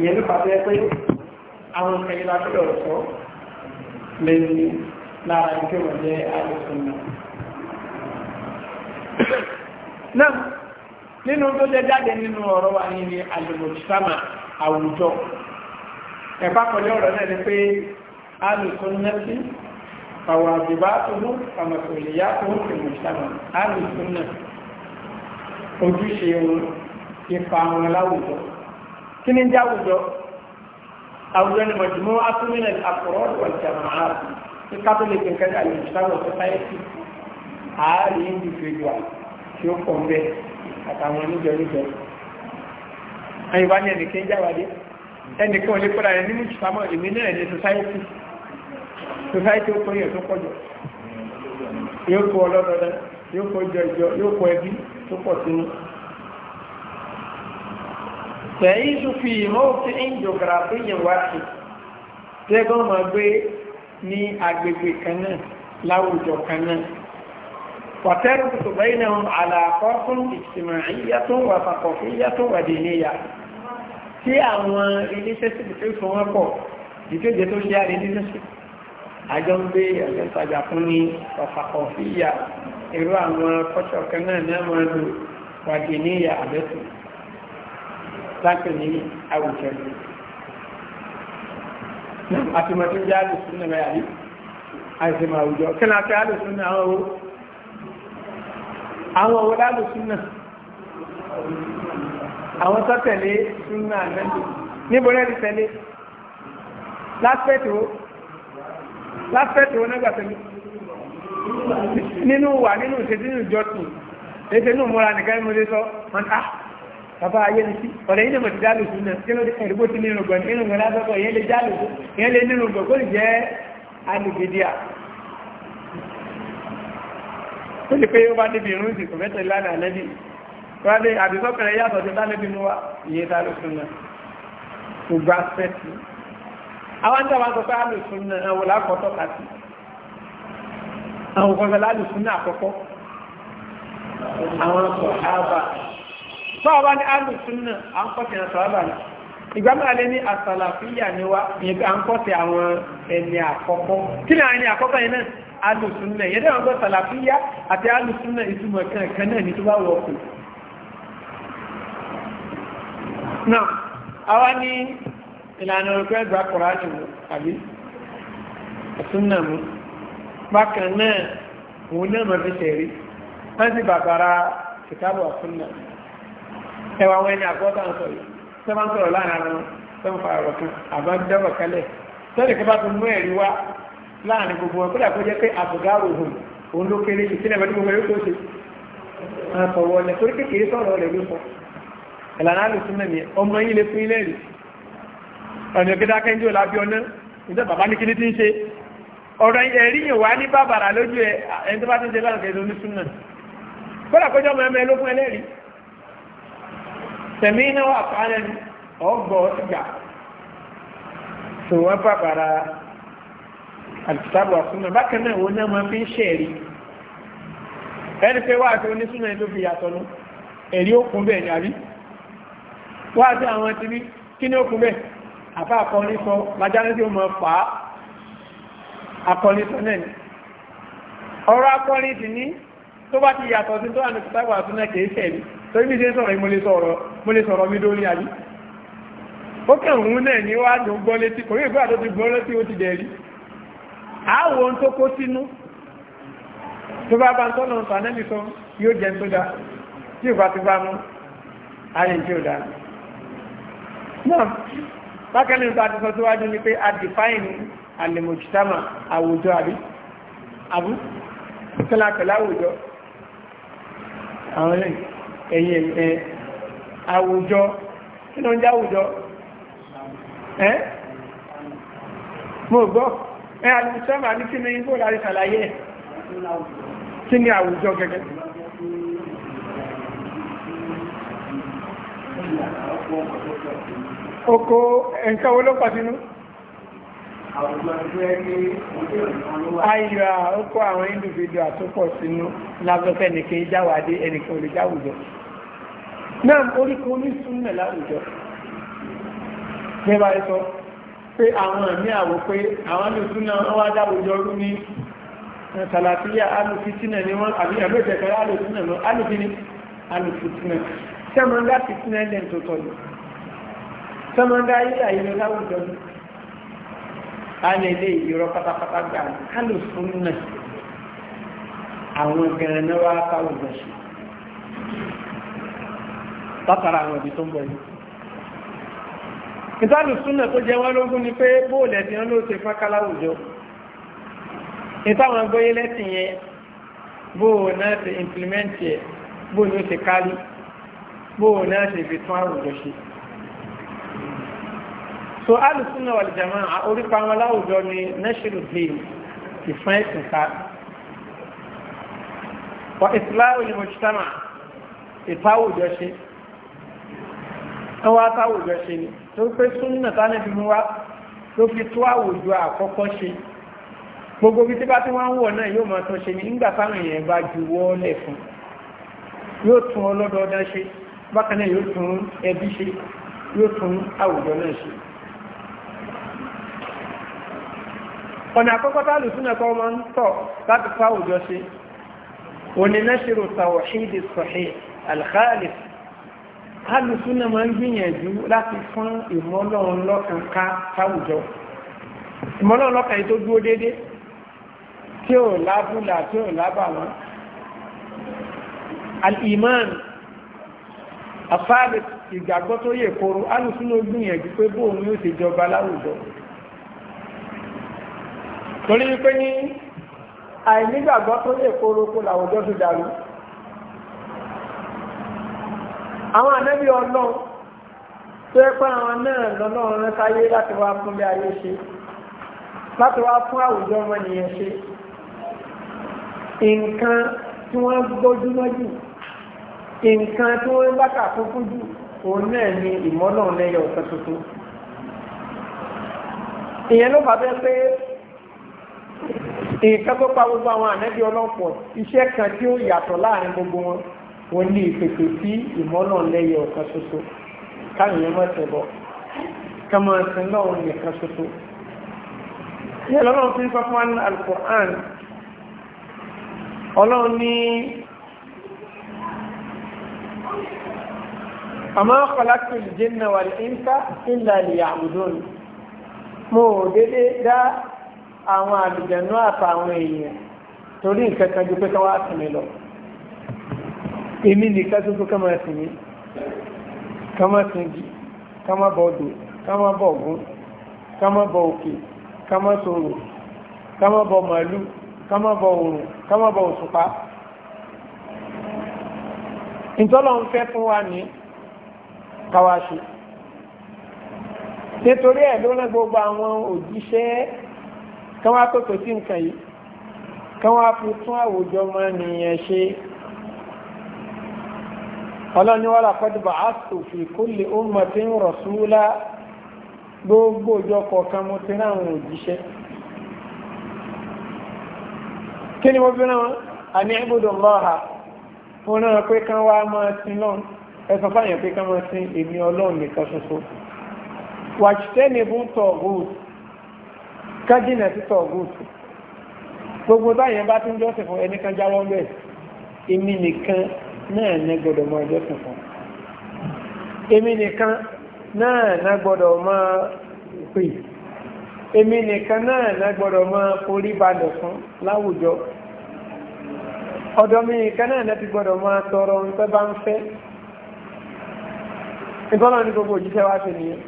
ìyẹn ló pàtó ẹ pé àwọn ìkẹyìn lábẹ́lẹ̀ ọ̀sọ́ lẹ́yìn lára ìgbé wọ̀n jẹ́ àìsàn náà náà nínú tó jẹ jáde nínú ọ̀rọ̀ wa ní ní alìmọ̀tìsámà àwùjọ ẹ̀bá kọjá ọ̀rọ̀ náà ni pé alùsùn nẹ́sí àwọn àbìbá tó mú àmọ̀sọ̀ ìyá tó ń fi mọ̀tìsámà alùsùn náà ojúṣe wọn ipa wọn láwùjọ kí ni ń jẹ́ àwùjọ àwùjọ ni mọ̀jùmọ́ atúmílẹ̀ àkùrọ̀ ìwàjàmọ̀ ààrùn ní catholic nǹkan wa ìṣàwọ̀ society ààrẹ individual tí ó pọ̀ mbẹ́ àtàwọn oníjọ níjọ ẹ̀yìn wá ní ẹnìkan jáwádé ẹnìkan olè kọ́ra ni nínú ìṣàmọ̀ èmi náà ní society society ó kọ́ yẹ̀ tó pọ̀ jọ yóò kọ́ ọlọ́dọọdọ yóò kọ́ jọjọ yóò kọ́ ẹbí tó pọ̀ sínú tẹ̀yìnjú fi ìmọ̀ọ́fì ìjọgàràfì yẹn wá sí tẹ́gbọ́n máa gbé ní agbègbè kan náà láwùjọ kan náà wàtẹ́rù tó bẹ́yìn náà àlàkọ́ fún ìsìnmáyíyá tó wà pàkọ̀fíyá tó wà dìníyà tí àwọn iléeṣẹ́ tó fún wọn pọ̀ ìkéde tó ṣe àrí iléeṣẹ́ àjọ ń gbé ẹ̀sẹ̀ fún ní pàkọ̀fíyá irú àwọn kọ́ṣọ̀ kan náà máa lò wà dìníyà àbẹ́tù láti ní àwùjọ àti mọ̀ tí ń jẹ́ àlùsùn náà yàrí àti mọ̀ àwùjọ kí ni a fi àlùsùn náà àwọn owó àwọn owó lálùsùn náà àwọn tó tẹ̀lé súnà náà níbo náà ti tẹ̀lé láfẹ́tò láfẹ́tò onágbàtẹ̀lé nínú wà nínú tu. ìjọ́tù ètò inú mọ́ra nìkan mú lé sọ wọn ah bàbá ayé ni sí ọ̀rẹ́ yìí ni mo ti dálò sí náà kí ló dé ẹ̀rúgbó ti nínú gbọ̀n nínú gbọ̀n lásọ̀kọ̀ ìyẹn lè dálò sí ìyẹn lè nínú gbọ̀n kó lè jẹ́ alùgbèdíà ó lè pé ó bá níbi irun ìsìnkú mẹ́tẹ̀ lánàá lẹ́bí wọ́n lè àdìsọ́kẹ̀rẹ̀ yàtọ̀ sí dálẹ́bí mú wa ìyẹn dálò sí náà kò gbá sẹ́ẹ̀tì àwọn tí a bá sọ pé alùsùn náà wò lákọ̀ọ́tọ̀ kàtì àwọn kọ̀ọ̀tọ̀ lálùsùn náà àkọ́kọ́ àwọn sọ̀hábà báwa ní alù súnà à ń kọ́ sí àwọn sàábà ní ìgbà ní àsàlàfíyà ni wá à ń kọ́ sí àwọn ẹni àkọ́kọ́ kí ni àwọn ẹni àkọ́kọ́ yẹn náà alù súnà yẹn dẹ́wọ̀n gbọ́ sàlàfíyà àti alù súnà ìtumọ̀ kankan náà ní tó bá wọ̀ kù. náà àwa ní ìlànà òkú ẹgbà kọ̀ránì mu mu bákan náà òun náà mọ̀ fi tẹ̀rí wọ́n ti bàbára kìtàbù àsúnà mu. ẹwà wọn ẹni àgbọ́ta ń na tó máa ń sọ̀rọ̀ láàrin wọn tó ń fa ọ̀rọ̀ kan àbá dọ́rọ̀ kalẹ̀ sọ́dọ̀ kí bá tún mú ẹ̀rí wá láàrin gbogbo wọn kódà kó jẹ́ pé àbùgá òhùn òun ló kéré sílẹ̀ mẹ́tí gbogbo tó ṣe àtọ̀wọ́ ọ̀lẹ̀ torí kékeré sọ̀rọ̀ ló sọ ìlànà àlùsùn ọmọ yín lè fún ilé rí ọ̀nà ọ̀nà ìjọ bàbá ní kíní ń ṣe ọ̀rọ̀ ẹ̀rí yìí wá ní bàbàrà lójú ẹ̀ ẹni tó bá ti ń ṣe kódà kó jọ́ mọ́ ẹlẹ́rìí tẹ̀mí náà wà pàánà ọgbọ̀ ọ̀sìgbà tó wọ́n bàbàrà àtìsábọ̀ súnmọ̀ bákan náà wọ́n náà máa fi ń ṣẹ̀rí ẹni pé wà tí onísúnmọ̀ ẹni tó fi yàtọ̀ nù ẹ̀rí òkun bẹ́ẹ̀ ni àbí wà tí àwọn ti rí kí ní òkun bẹ́ẹ̀ àfá akọni sọ lájáde tí ó mọ̀ fà á akọni sọ náà ni ọ̀rọ̀ akọni ti ní tó bá ti yàtọ̀ sí tó wà ní àtìsábọ̀ súnmọ̀ kì í ṣẹ̀rí torí bí ṣe sọ̀rọ̀ ìmọ̀lẹ́sọ̀rọ̀ mo lè sọ̀rọ̀ mi dórí àbí ó kẹrùn-ún náà ní wá ló gbọ́ létí kò rí ìgbà tó ti gbọ́ létí ó ti dẹ̀rí àáwò ohun tó kó sínú tó bá bá ń tọ́nà ń tàn ẹ́mì sọ yóò jẹ́ tó dá tí ò bá ti bá mú ayé tí ò dá náà bákẹ́lẹ́ nípa ti sọ tó ni pé a define àlèmọ̀jítàmà àwùjọ àbí àbú kẹlákẹlá àwùjọ àwọn ẹ̀yìn ẹ̀ àwùjọ kí ló ń jẹ́ àwùjọ ẹ́ mo gbọ́ ẹ́ alìsọ́mà ní kí ni igbó láti ṣàlàyé ẹ̀ kí ni àwùjọ gẹ́gẹ́ oko ẹ̀ǹkan olópa sínú àìyà oko àwọn individual tó pọ̀ sínú lábẹ́fẹ́ nìkan jáwàdé ẹnìkan olùjáwùjọ náà orí kan ní súnnà láwùjọ nígbà ẹ̀sọ́ pé àwọn ẹ̀mí àwò pé àwọn ní súnnà wọ́n wá dáwùjọ rú ní eh, sàlàfíà alùfitínà ni wọ́n àbí ẹ̀mẹ́jẹ̀kẹ́ alùfitínà lọ alùfini alùfitínà sẹ́mọ̀ndá fitínà lẹ́n tó tọ́jú sẹ́mọ̀ndá ayé àyẹ̀lẹ́ láwùjọ ní alẹ́lẹ́ ìrọ pátápátá gbà alùfúnnà àwọn gẹ̀rẹ̀ náà wá káwùjọ ṣe látara àwọn ìdí tó ń bọ̀ yìí ìtàlù súnà tó jẹ wọ́n lógún ni pé bóòlù ẹ̀sìn ọ́n ló ṣe fákálá òjò ìtàwọn gbóyé lẹ́sìn yẹn bóòlù náà ṣe implimẹ́ǹtì ẹ̀ bóòlù ó ṣe kárí bóòlù náà ṣe fi tún àwùjọ ṣe so alùsùnà wal jamaa orípa wọn láwùjọ ni nẹ́ṣìlù bíi ìfún ẹ̀sìn ká wọ́n ìsìláwò ni mọ̀ṣítàmà ìtàwùjọ ṣe wọ́n wá táwùjọ ṣe ni tó pé súnnà tánàbí mú wá ló fi tó àwùjọ àkọ́kọ́ ṣe gbogbo bí tí bá tí wọ́n ń wọ̀ náà yóò máa tán ṣe ni nígbà táwọn èèyàn bá ju wọ́ọ́lẹ̀ fún yóò tún ọlọ́dọọdá ṣe bákan náà yóò tún ẹbí ṣe yóò tún àwùjọ náà ṣe ọ̀nà àkọ́kọ́ tààlù súnà kọ́ máa ń tọ̀ láti fáwùjọ ṣe òní náà ṣe rò tàwọ̀ ṣídìí sọ̀hí alùsù náà máa ń gbìyànjú láti fún ìmọ́lọ́run lọ́kàn ká sáwùjọ ìmọ́lọ́run lọ́kàn yìí tó dúró dédé tí ò lábúlà tí ò lábà wọn al-iman afáàlẹ̀ ìgbàgbọ́ tó yẹ kóró alùsù náà gbìyànjú pé bóun yóò ṣe jọba láwùjọ torí wípé ní àìnígbàgbọ́ tó yẹ kóró kó làwùjọ tó dàrú àwọn ànábì ọlọ́run tó yẹ pé àwọn náà lọ́lọ́run rán sáyé láti wá fún bí ayé ṣe láti wá fún àwùjọ ọmọnìyàn ṣe nǹkan tí wọ́n gbójúmọ́ jù nǹkan tí wọ́n bá kà jù òun náà ni ìmọ́lọ́run lẹ́yọ ọ̀sán tuntun ìyẹn ló fà bẹ́ẹ̀ pé nǹkan tó pa gbogbo àwọn ànábì ọlọ́pọ̀ iṣẹ́ kan tí ó yàtọ̀ láàrin gbogbo wọn wọ́n ní ìpèpè sí ìmọ́nà lẹ́yẹ ọ̀kan ṣoṣo káàyè má tẹ̀bọ̀ ká máa sin lọ́wọ́ nìkan ṣoṣo. ní ọlọ́run fi ń sọ fún wa ní alukur'an ọlọ́run ní àmọ́ kọlákì ìjìnnà wà ní ìńká ìlà ìyà àwùjọ ni mo dédé dá àwọn àlùjẹ̀nú àtàwọn èèyàn torí nǹkan kan ju pé ká wá lọ èmi nìkan tuntun ká máa sìn mí ká máa sìn jì ká máa bọ odò ká máa bọ ògún ká máa bọ òkè ká máa sọ̀rọ̀ ká máa bọ màálù ká máa bọ òrùn ká máa bọ òṣùpá ìtọ́lọ̀ ń fẹ́ fún wa ní káwá nítorí ẹ̀ ló gbogbo àwọn òjíṣẹ́ káwá tó tó sí nǹkan yìí káwá fi tún àwùjọ mọ́ nìyẹn ṣe ọlọ́ni wọ́n làkọ́dì bá a tó fi kulli ummatin rasula gbogbo ìjọ kọ̀ọ̀kan mo ti ráwọn òjíṣẹ́ kí ni mo fi rán wọn àní ibùdó lọ́ha mo rán pé kán wá máa sin lọ́n ẹ̀sán fáyàn pé kán máa sin èmi ọlọ́run náà ní gbọdọ̀ máa jẹ́ tuntun èmi nìkan náà ná gbọdọ̀ máa pè èmi nìkan náà ná gbọdọ̀ máa forí balẹ̀ fún láwùjọ ọ̀dọ̀ mi nìkan náà ná ti gbọdọ̀ máa tọrọ nǹkan bá ń fẹ́ ìtọ́nà ní gbogbo òjíṣẹ́ wá sí nìyẹn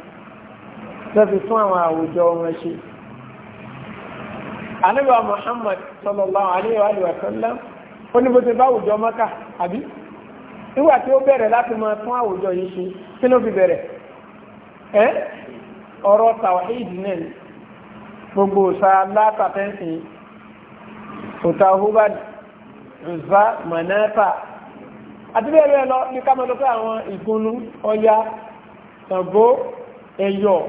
lọ́fi fún àwọn àwùjọ wọn ṣe àníbà Muhammad sallallahu alaihi wa sallam ó ní bó ti bá àwùjọ Mákà àbí nígbà tí ó bẹ̀rẹ̀ láti máa tún àwùjọ yìí ṣe kí ló fi bẹ̀rẹ̀ ẹ́ ọ̀rọ̀ tawhid náà ni gbogbo òṣà látàtẹ́ǹsì òta hubad rìzá manata àti bẹ́ẹ̀ bẹ́ẹ̀ lọ ní kámọ́ lọ́pẹ́ àwọn ìgúnnú ọya Ṣàngó ẹ̀yọ̀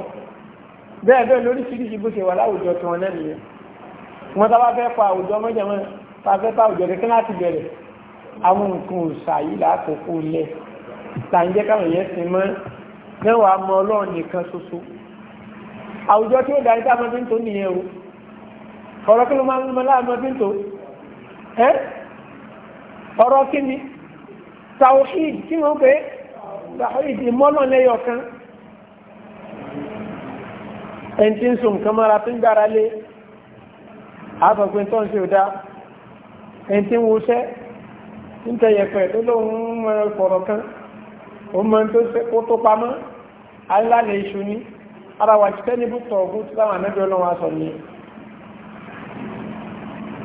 bẹ́ẹ̀ bẹ́ẹ̀ lóríṣiríṣi bó ṣe wà láwùjọ tí wọ́n náà nìyẹn wọ́n tábà fẹ́ pa àwùjọ mọ́jọ́mọ́ tàbẹ́ pa àwùjọ kékeré láti bẹ̀rẹ̀ àwọn nǹkan òṣà yìí lákòókò lẹ̀ ìtànjẹ́ káwọn yẹn sin mọ́ mẹ́wàá mọ ọlọ́run nìkan ṣoṣo àwùjọ tí ó darí tá ọmọdé ń tó nìyẹn o ọ̀rọ̀ kí ló máa ń mọ láàmọdé ń tó ẹ́ ọ̀rọ̀ kí ni tawhid kí wọ́n pé tawhid ìmọ́nà lẹ́yọ̀ kan ẹni tí ń so nǹkan mọ́ra tó ń gbára lé àfọ̀pẹ́ tó ń ṣe ò dá ẹni tí ń wuṣẹ́ ń tẹ̀yẹ̀pẹ̀ tó lóun fọ̀rọ̀ kan ó mọ tó tó pamọ́ aláàlẹ̀ iṣu ní ara wà ti tẹ́nibú tọ̀ọ̀gún tí láwọn anábí ọlọ́run aṣọ ni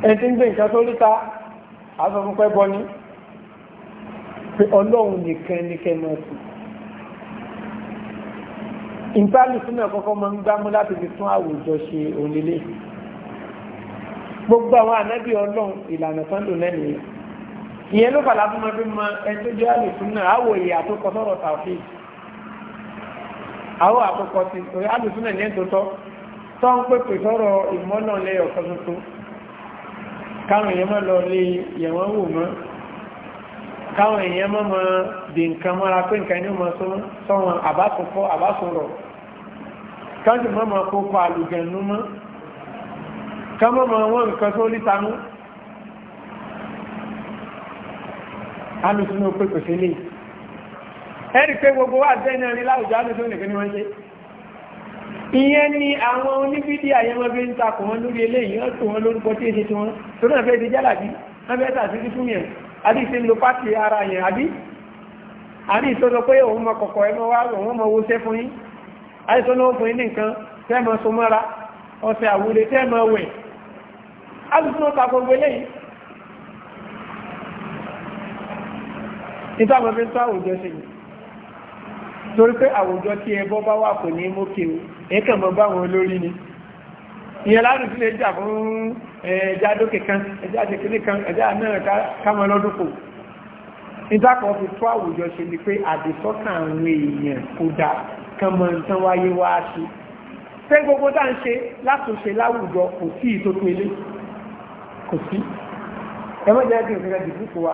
ẹni tí ń gbé nǹkan tó líta aṣọ fún pẹ́ bọ́ ní pé ọlọ́run nìkan ní kẹ́mọ́sì ìpáàlù sínú ẹ̀kọ́kọ́ mọ́ ń gbámú láti fi tún àwùjọ ṣe òlélẹ̀ gbogbo àwọn anábí ọlọ́run ìlànà tán lò lẹ́nu yìí ìyẹn ló fà lábúmọ bí mọ ẹni tó jẹ́ àlùsùn náà àwọ̀ ìyà tó kọ sọ̀rọ̀ tàfí àwọ̀ àkókò ti torí àlùsùn náà ní ẹ̀tọ́ tọ́ tó ń pèpè sọ̀rọ̀ ìmọ́nà lẹ́yọ̀ kan tuntun káwọn èèyàn máa lọ lé yẹ̀wọ̀n wò mọ́ káwọn èèyàn máa máa dì nǹkan mọ́ra pé nǹkan ní ọmọ sọ́wọ́n àbásùnkọ́ àbásùnrọ̀ káwọn sì máa máa kópa àlùjẹ̀nu mọ́ alùsùn ó pèpè sí lè ẹ̀rí pé gbogbo wà tẹ́nà rí láwùjọ alùsùn nìkan ni wọ́n ṣe ìyẹn ni àwọn oníbídí àyẹmọ́ bí ń takò wọn lórí eléyìí wọ́n tó wọn lórúkọ tí èsì tí wọ́n tó náà fẹ́ di jálàbí wọ́n fẹ́ tà sí fún yẹn àbí ṣe ń lo pátì ara yẹn àbí àbí ìtọ́jọ pé òun mọ kọ̀kọ̀ ẹmọ ìtàwọn fi ń tó àwùjọ sí ni torí pé àwùjọ tí ẹbọ bá wà kò ní mú kí o kan ẹjá kan ẹjá náà kámọ lọ́dún kò ìtàkọ̀ fi tó àwùjọ ṣe ni pé àdìsọ́kàn àwọn èèyàn kò dá kan mọ́ nǹkan wáyé wá sí pé gbogbo tá ń ṣe látúnṣe láwùjọ kò sí ìtókò ilé kò sí ẹmọ́jẹ́ ẹgbẹ̀rẹ̀ dìbùkù wa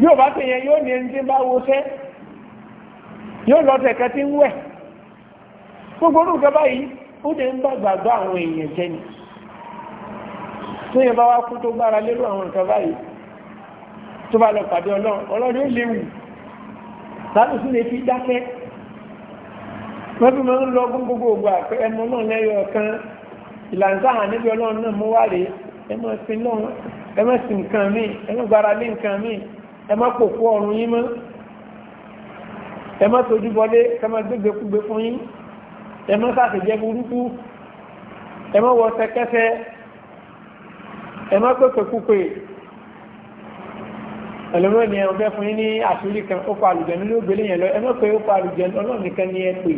bí ò bá pè yẹn yóò ní ẹni tí bá wo sẹ́ yóò lọ tẹ̀kẹ́ tí ń wẹ̀ gbogbo orú ìjọba yìí ó ti ń bá gbàgbọ́ àwọn èèyàn jẹ́ ni tó yẹn bá wá kú tó gbára lérò àwọn nǹkan báyìí tó bá lọ pàdé ọlọ́run ọlọ́run ó léwu láti sí lè fi dákẹ́ wọ́n fi máa ń lọ gbogbo ògbà pé ẹmọ náà lẹ́yọ ọ̀kan ìlànà níbi ọlọ́run náà mú wá rèé ẹmọ sí nǹkan míì ẹmọ gbára lé nǹkan míì ẹ má pò fún ọrùn yín mọ́ ẹ má tójú bọlé ẹ má gbégbé kúgbé fún yín ẹ má sàtẹ̀jẹ́ burúkú ẹ má wọ sẹkẹsẹ ẹ má pèpè kúpè ẹlòmíràn ni ẹ̀rọ bẹ́ fún yín ní àṣírí kan ó pa àlùjẹ̀nu ló gbélé yẹn lọ ẹ má pé ó pa àlùjẹ̀nu ọlọ́run nìkan ni ẹ pè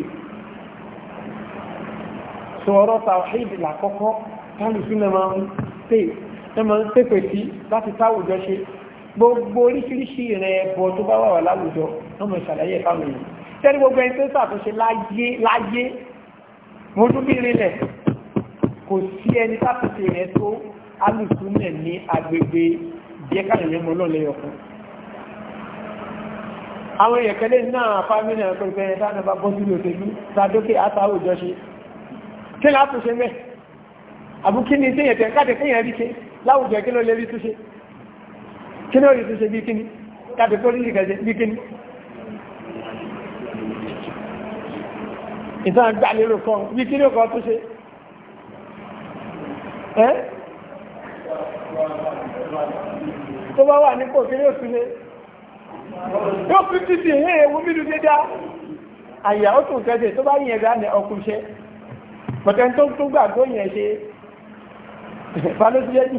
sọ ọ̀rọ̀ tawhid làkọ́kọ́ tálùsùn náà máa ń pè náà máa ń pèpè sí láti táwùjọ ṣe gbogbo oríṣiríṣi rẹ̀ ẹ̀bọ̀ tó bá wà wà láwùjọ lọ́mọ ìṣàlàyé ìfàmì yìí tẹ́lẹ̀ gbogbo ẹni tó ṣàtúnṣe láyé láyé mo tún bí rinlẹ̀ kò sí ẹni sàtúnṣe rẹ̀ tó alùsùnẹ̀ ní agbègbè díẹ̀ káàrin mọ́ lọ́lẹ̀ ọkùn àwọn èèyàn kẹlẹ́ náà fámílì ọ̀pọ̀ ìpẹ́yẹ dáná bá bọ́ sí òṣèlú sàdókè àtàwò jọ́ṣe kí látúnṣe mẹ́ àbúkí ni tí èèyàn tẹ̀ káàkiri kéèyàn rí ṣe láwùjọ kí ló lè rí túnṣe kí ní òyìn tó ṣe bí kíní kàtẹ̀kọ́rí ìrìnkẹ̀ẹ́ bí kíní ìtàn àgbàlérò kan bí kíní ọkọ̀ tó ṣe ẹ́ tó bá wà nípò kíní òtúnlé yóò fi títì hẹ́ ewu mílù dédá àyà ó tún kẹ́jẹ̀ tó bá yẹn rà ní ọkùnṣẹ́ pọ̀tẹ́ tó gbàgbó yẹn ṣe fanóṣíyẹ́jì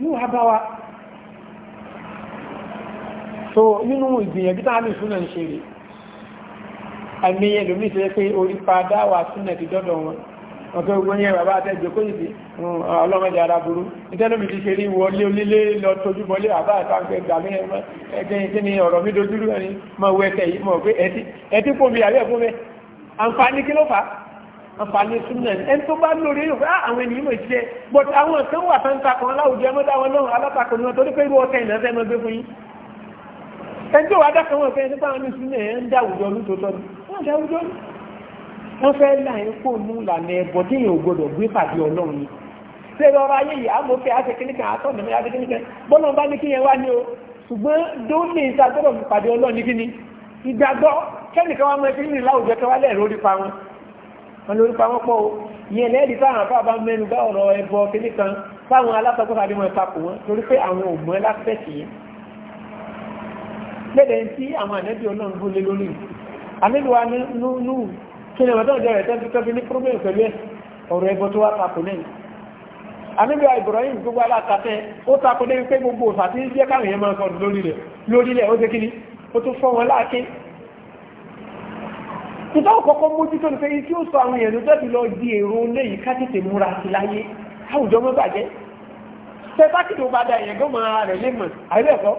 yóò wá bá wa so nínú ìgbìyànjú tá àmì ìsúná ń ṣe rè àmì ẹlòmí ṣe pé orí padà wà súnà ti dọ́dọ̀ wọn ọ̀tọ́ ogun yẹn bàbá àtẹ́jọ kó yìí hmm, ọlọ́mọdé ara burú ìtẹ́lómi ti ṣe rí wọlé onílé lọ tójú bọlé bàbá àtàgbẹ́ ìgbàmí ẹgbẹ́ tí ni ọ̀rọ̀ mi dojú rẹ̀ ni mọ̀ wẹ́tẹ̀ yìí mọ̀ pé ẹtí fún mi àbẹ́ fún mi àǹfààní kí ló fà á àǹfààní súnmọ̀ ẹni tó bá lórí yóò fẹ́ ah, àwọn ènìyàn mọ̀ ìṣẹ́ but àwọn kan wà fẹ́ ń takọ̀ aláwùjọ ẹmọ́dá wọn náà alátakọ̀ ni wọn torí pé irú ọ̀tẹ̀ ìnáfẹ́ ẹmọ gbé fún yín ẹni tó wà dákọ̀ wọn fẹ́ nípa àwọn ìsúnmọ̀ ẹ̀ ń dá àwùjọ lótòótọ́ ni wọ́n ni wọ́n fẹ́ là ń kó mú lànà ẹ̀bọ̀ tí èèyàn ni ṣé lọ́rọ̀ ayé yìí amòfẹ́ àṣekínìkan ní kí yẹn wá ní kí ni ìgbàgbọ́ kẹ́nìkan wá mọ ẹgbẹ́ nílùú láwùjọ kẹwàá lẹ́ẹ̀rọ orí pa wọn wọn lórí pamọ́ pọ̀ o ìyẹn lẹ́ẹ̀dì táwọn afá bá mẹ́nu bá ọ̀rọ̀ ẹbọ kínní kan táwọn alátọ́kọ́ tàbí wọn papò wọn torí pé àwọn ògbọ́n láfẹ́sì yẹn lẹ́dẹ̀ tí àwọn ànẹ́bí ọlọ́run gún lé lórí àmìlúwa nínú kí ni ọmọdé ọjọ́ rẹ̀ tẹ́bí tẹ́bí ní problem pẹ̀lú ẹ̀ ọ̀rọ̀ ẹbọ tó wá tako lẹ́yìn àmìlúwa Ibrahim gbogbo alákatẹ́ ó tako lẹ́yìn pé gbogbo òfà tí ń jẹ́ káwọn èèyàn máa sọ̀rọ̀ lórí rẹ̀ lórí rẹ̀ ó ṣe kíni ó tún fọ́ wọn láàké ìtọ́ ọ̀kọ̀ọ̀kọ́ mójútó ni pé tí ó sọ àwọn èèyàn ló tẹ́bi lọ di èrò léyìí ká tètè múra sí láyé àwùjọ mọ́ bàjẹ́ sẹ́fákì tó bá da èèyàn gan máa rẹ̀ lẹ́mọ̀ àìlẹ́kọ́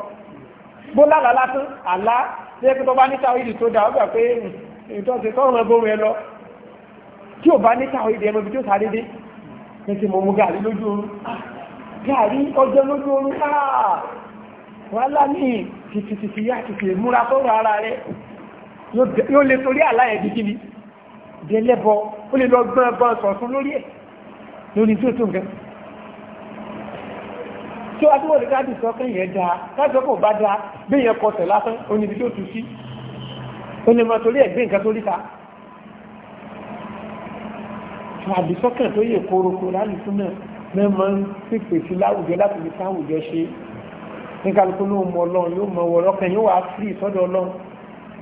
bó lára lásán àlá lẹ́yìn tó bá níta ìdí tó da ọgbà pé ìtọ́sí tọ́rùn ẹgbọ́n rẹ lọ tí ò bá níta ìdí ẹmọ ibi tó sáré dé ní ti mọ̀ mú gàrí lójú oorun ah, gàrí ọjọ́ lójú oorun ah, wàhálà ní tìtìtìyà tìtì múra tó rọ ara rẹ̀ yóò lè torí àláyẹ̀ dídí ni délẹ́bọ ó lè lọ gbọ́n ẹgbọ́n sọ̀tún lórí ẹ̀ lórí tí ó tó nǹkan tí wá tí wọ́n lè káàdì sọ pé yẹn dáa káàdì sọ pé ò bá dáa bí yẹn kọsẹ̀ lásán ó níbi tí ó tu sí ó lè máa torí ẹ̀ gbé nǹkan tó ríta àdìsọ́kàn tó yẹ kórokò lálùsùn náà mẹ́mọ́ ń pèpè sí láwùjọ láti fi sáwùjọ ṣe ní kálukú ló mọ ọlọ́run yóò mọ ọlọ́kàn yóò wá sí ìsọ́dọ̀ ọlọ́run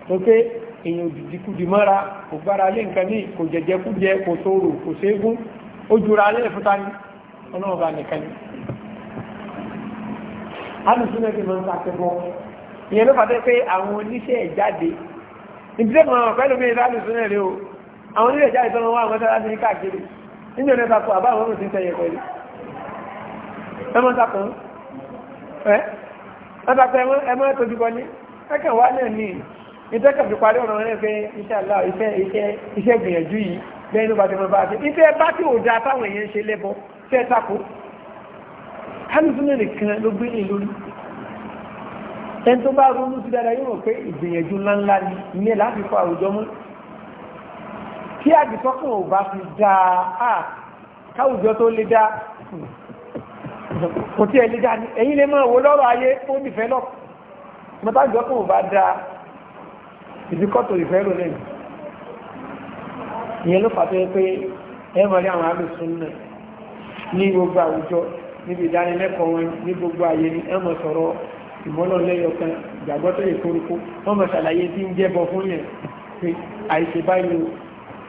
tó pé èyàn òdìdíkúdì mọ́ra kò gbára lé nǹkan ní kò jẹjẹkújẹ kò tóòrò kò ségún ó jura alẹ́ fúta ní ọlọ́ọ̀bá nìkan ní alùsùnà ti máa ń sàkẹ́bọ̀ ìyẹn ló fàtẹ́ pé àwọn oníṣẹ́ ìjáde ìdílé mọ̀ àwọn pẹ́lú bíi alùsùnà rẹ o àwọn oníṣẹ́ ìjáde tó ń wá àwọn mọ́tàlá sí káàkiri nínú ẹ̀rẹ́ takọ̀ àbá àwọn olùsìn tẹ̀yẹ pẹ̀lú ẹmọ́ takọ̀ ẹ́ ẹmọ́ takọ̀ ẹmọ́ tójú bọ́ ní ẹkẹ̀ wá náà ní ìtẹ́kà fi parí ọ̀nà rẹ̀ pé iṣẹ́ àlá iṣẹ́ iṣẹ́ iṣẹ́ gbìyànjú yìí lẹ́yìn bá ti mọ bá ṣe iṣẹ́ bá tí ò da táwọn èèyàn ṣe lẹ́bọ ṣe tako alùsùnú nìkan ló gbé ní lórí ẹni tó bá ronú sí dáadáa yóò mọ̀ pé ìgbìyànjú ńláńlá ni ìyẹn láti fọ àwùjọ mú kí àdìsọ́kàn ò bá fi dáa á káwùjọ tó lè dáa kò tí ẹ lè dáa ni ẹ̀yin lè máa wo lọ́rọ̀ ayé ó dìfẹ́ lọ mọ́tàjọ́kàn ò bá dáa ìdíkọ́tò ìfẹ́ rò lẹ́nu ìyẹn ló fàtọ́ pé ẹ mọ̀ rí àwọn alùsùn náà ní gbogbo àwùjọ níbi ìdánilẹ́kọ̀ọ́ wọn ní gbogbo ayé ni ẹ mọ̀ sọ̀rọ̀ ìmọ́lọ́lẹ́yọkan ìgbàgbọ́ tó yẹ kórukó wọ́n mọ̀ ṣàlàyé tí ń jẹ́bọ fún yẹn pé àìṣe báyìí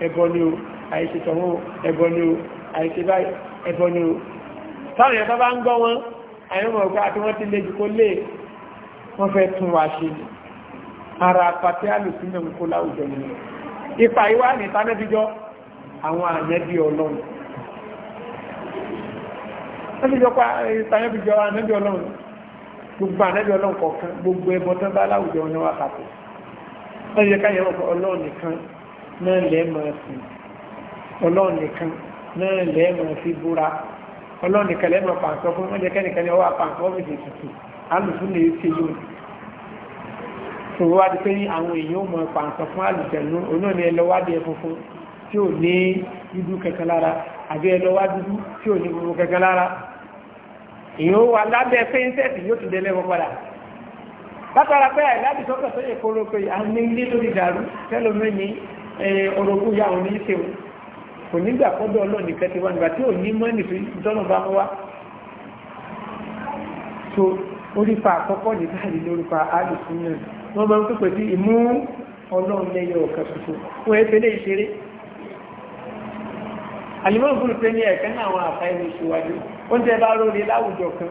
ẹbọ ni o àìṣe tọ̀hún ẹbọ ni o àìṣe báyìí ẹbọ ni o táwọn yẹn bá bá ń gbọ́ wọn àyẹ̀wò ọ̀gá àti wọ́n ti lé jù kó lé wọ́n fẹ́ tún wá ṣe ni ara pàtí àlùsínà ń kó láwùjọ ni ipa ìwá ní tánẹ́bíjọ́ àwọn àyẹ́bí ọlọ́run eh, tánẹ́bíjọ́ àyẹ́bí ọlọ́run gbogbo àyẹ́bí ọlọ́run kọ̀ọ̀kan gbogbo ẹbọ tó bá láwùjọ ní wákàtí wọ́n yẹ káyẹ̀ ọlọ́run nìkan náà lẹ́ẹ̀mọ̀ sí ọlọ́run nìkan náà lẹ́ẹ̀mọ̀ sí búra ọlọ́run nìkan lẹ́ẹ̀mọ̀ pàǹtọ́ fún sòwò wá di pé ní àwọn èèyàn mọ̀ pàǹkan fún àlùjẹ̀nu onáàni ẹlọ́wádìí funfun tí ò ní dúdú lara lára àbí ẹlọ́wádúdú tí ò ní gbogbo kankan lára èèyàn wà lábẹ́ fẹ́ńsẹ̀tì yóò ti délẹ́wọ́ padà látara pé àìláàbì sọ́kọ̀ tó yẹ kóró a ní ilé lórí ya òní ṣeun kò nígbà kọ́dọ̀ ọlọ́ọ̀nì kẹtì wá nígbà tí ò ní bá wá so àkọ́kọ́ nígbà yìí wọ́n máa ń pípẹ̀ sí ìmú ọlọ́run lẹ́yọ ọ̀kan tuntun fún ẹgbẹ́ lè ṣeré alimọ́n fún ìpé ní ẹ̀kẹ́ náà àwọn àfáà ìlú ìṣíwájú oúnjẹ bá lórí láwùjọ kan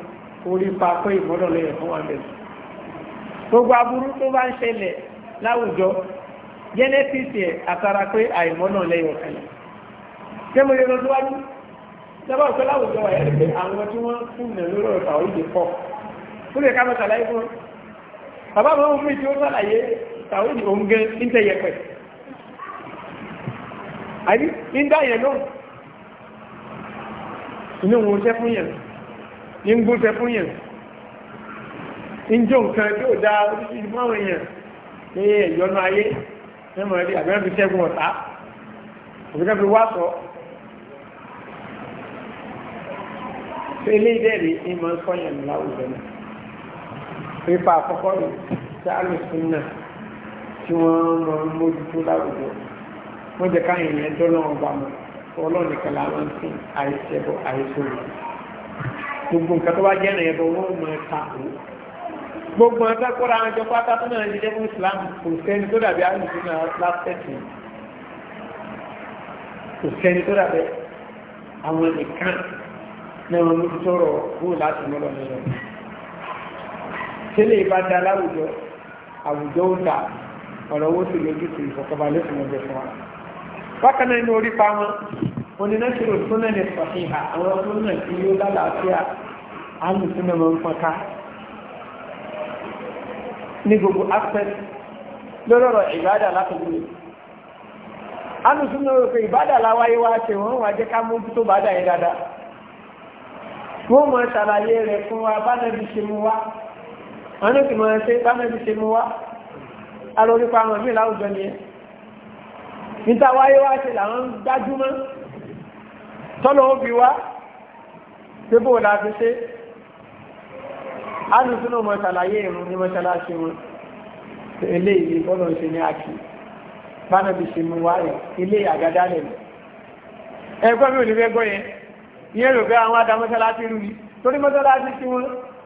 orí papọ̀ ìmọ́lọ̀ lẹ́yọ fún wa bẹ̀rẹ̀ gbogbo aburú tó bá ń ṣẹlẹ̀ láwùjọ jẹ́nẹ́tìsì ẹ̀ àtàrà pé àìmọ́lọ̀ lẹ́yọ kan lẹ̀ ṣé mo lè lọ síwájú sábà ọ̀pẹ́ láwùjọ wà yẹ́rẹ́ pé àwọn tí wọ́n fún ìnà lórí ọ̀tà orí bàbá àwọn ohun tí ó sàlàyé tàwọn ìdí oúnjẹ ń tẹ̀yẹ pẹ̀ àbí ń dá yẹn náà inú wọn ṣẹ́ fún yẹn ń gbóṣẹ́ fún yẹn ń jó nǹkan tí ó dá oríṣiríṣi fún àwọn èèyàn ní ìyọnu ayé ẹmọ pépà àkọ́kọ́ rẹ̀ tí a lè fún náà tí wọ́n mọ mójútó láwùjọ wọ́n jẹ́ káyìn yẹn dọ́nà ọba mọ́ ọlọ́ọ̀nì kẹlẹ́ àwọn tí àìsẹ̀bọ̀ àìsòrò gbogbo nǹkan tó bá jẹ́ ẹ̀rẹ̀ ẹ̀bọ̀ wọ́n mọ ẹ̀ka kú gbogbo ẹ̀ka kọ́ra àwọn ìjọba pátá náà ń jẹ́ fún Islam kò sẹ́ni tó dàbí àlùfẹ́ náà láfẹ́tì kò sẹ́ni tó dàbí tẹ́lẹ̀ bá da láwùjọ àwùjọ ó dà ọ̀rọ̀ owó sì lójú sí ìfọ̀kànbalẹ̀ fún ọjọ́ fún wa. bákan inú orí pa wọn onínàṣírò súnà ní fàfihàn àwọn súnà tí yóò lálàáfíà àmì súnà máa ní gbogbo aspect lórí ìbádà látọ̀gbọ̀n àmì súnà rò pé ìbádà láwáyé wá ṣe wọ́n wá jẹ́ ká bàdà yẹn dáadáa wọ́n mọ̀ ṣàlàyé rẹ̀ fún wa wọn ló sì mọ̀ ẹsẹ́ bámẹ́bí ṣe mú wá alórípa àwọn míì láwùjọ ni ẹ níta wáyé wá ṣe làwọn gbájúmọ́ tọ́lọ̀ ó wá pé bóò la fi ṣe alùsùn náà mọ̀ ṣàlàyé ìrún ní mọ́ṣáláṣí wọn eléyìí bọ́lọ̀ ń ṣe ní àkì bámẹ́bí ṣe mú wá rẹ̀ ilé àgádá rẹ̀ lọ ẹgbẹ́ mi ò ní fẹ́ gbọ́ yẹn ìyẹn rò pé àwọn adámọ́ṣáláṣí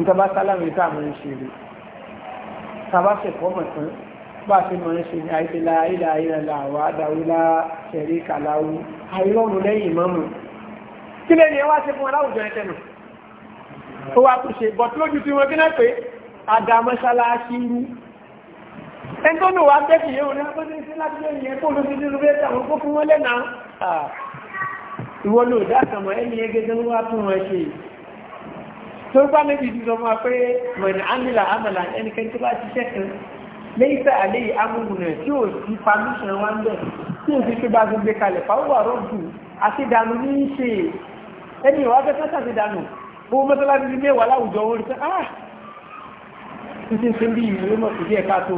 nǹkan bá sálámì tá a mọ̀ ń ṣe rè tá a bá ṣe pọ́ mọ̀ tán bá a ṣe mọ̀ ń ṣe ní àìṣe la ilà ilà là wà á dáwó lá ṣẹ̀rí kàláwó àìrọ́mù lẹ́yìn ìmọ̀mù kí lè ní ẹ wá ṣe fún aláwùjọ ẹ tẹnu ó wá kú ṣe bọ̀t lójú tí wọn gíná pé àdàmọ́ṣáláṣí rú ẹni tó nù wá tó bá níbi ìdúró máa pé mọ̀nà amílà amàlà ẹnikẹ́ni tó bá ṣiṣẹ́ kan lẹ́yìn tẹ́ àlẹ́ yìí amúhùnà tí ò sí pàmíṣàn wá ń bẹ̀ tí ò sí pé bá gbé kalẹ̀ fáwọn àrọ́bù àti ìdànù ní í ṣe ẹni ìwà bẹ́ẹ̀ fẹ́ sàti ìdànù bó mọ́tọ́lájú ní mẹ́wàá láwùjọ wọn rí ah títí ṣe ń bí ìlú ló mọ̀ kò sí ẹ̀ka tó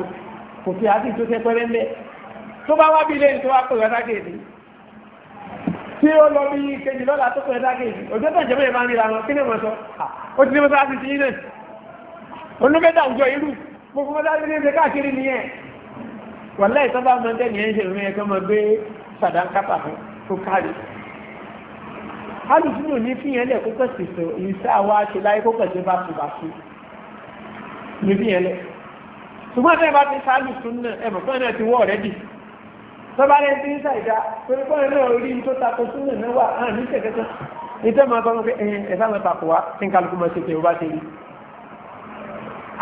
kò sí àti ìtòsẹ́ pẹ́rẹ́ ń bẹ́ tó bá wá tí ó lọ bí kejì lọ́la tó pẹ̀lú dákejì òjò tó ìjọba ìbá ń ríra wọn kí ni wọ́n sọ ó ti ní mọ́tò láti ti yínlẹ̀ onímẹ́ta òjò irú gbogbo mọ́tò láti ní ṣe káàkiri nìyẹn wọ́n lẹ́yìn tó bá mọ tẹ́ nìyẹn ṣe ìrìn ẹ̀kọ́ mọ gbé sàdánkátà fún tó kárí alùpùpù ní fìyẹn lẹ̀ kó pẹ̀sì sọ ìṣá wa ṣe láyé kó pẹ̀sì bá tu bá tu ní fìyẹn lẹ̀ ṣùgbọ́n tẹ́ bá ti sálù sún náà ẹ̀mọ̀ fún ẹ̀ náà ti wọ́ ọ̀rẹ́dì tọ́ba rẹ̀ ti ń ṣàìdá torí kọ́rin náà orí tó takò sílẹ̀ náà wà hàn ní kẹ̀kẹ́kẹ́ ìtẹ́ máa tọ́ pé ẹ̀yìn ẹ̀sà máa takò wá kí n kálukú máa ṣe tẹ̀ ó bá ṣe rí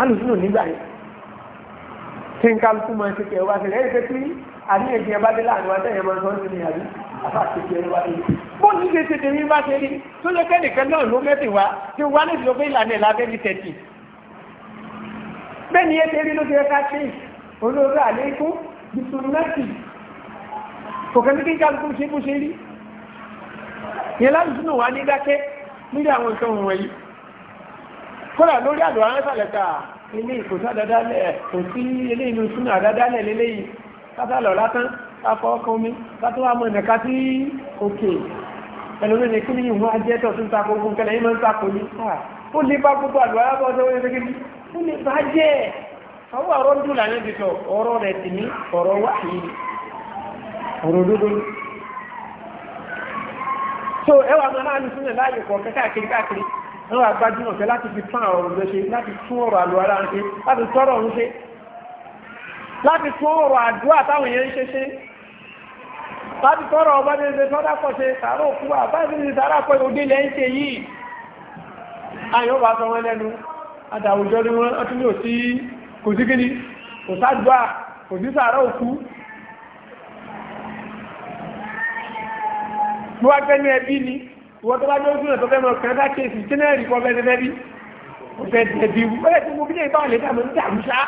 alùsùnù nígbà yẹn kí n kálukú máa ṣe tẹ̀ ó bá ṣe rí ẹ̀yìn pé tí àníyànjú yẹn bá dé láàrin wa tẹ̀yẹ̀ máa sọ ọ́ sí ni ó bá ṣe rí bó ní ṣe ṣe tèmi bá ṣe rí ká ṣe olórí àlékún bisunmẹ́tì kò kẹ́ sí kálukú ṣe bó ṣe rí yẹn láti sínú wa ní dákẹ́ nílé àwọn nǹkan òun wọ̀nyí kódà lórí àdó aránsàlẹ̀ta ilé ìkòsí àdádálẹ̀ kò sí ilé ìlú sínú àdádálẹ̀ lélẹ́yìí kátàlọ̀ látán káfọ́ ọkọ̀ omi kátó wà mọ̀ nìka tí òkè ẹlòmí ni kí ni ìwọ̀n ajẹ́ tó tún takò ogun kẹlẹ̀ ìmọ̀ ń takò ní ó lè bá gbogbo àdó arábọ́dọ́ ó lè bá jẹ́ ọwọ́ ọ̀rọ̀ dùn lànà ìdìtọ̀ ọ̀rọ̀ rẹ̀ tì ní ọ̀rọ̀ wáyé ọ̀rọ̀ òdodo ni. so ẹwà máa náà lùsùn náà láàyè káàkiri káàkiri wọn wà gbajúmọ̀ fẹ́ láti fi tún àwọn ọ̀rọ̀ ṣe láti tún ọ̀rọ̀ àlọ́ ara ń ṣe láti tún ọ̀rọ̀ ń ṣe láti tún ọ̀rọ̀ èèyàn ń ṣe ṣe láti tún ọ̀rọ̀ ọba ní ṣe tọ́dá pọ̀ ṣe sàárò wa bá ni wọ́n kò òkú mo wá gbẹ́ ní ẹbí ni ìwọ́n tó bá jẹ́ ojú rẹ̀ tó fẹ́ mọ̀ kàn dá kéèsì jẹ́nẹ́rì kọ́ fẹ́ẹ́ fẹ́ẹ́ bí mo fẹ́ dẹ̀bi wú ó lè mo bí lè bá lè dàmú ní àmúṣá.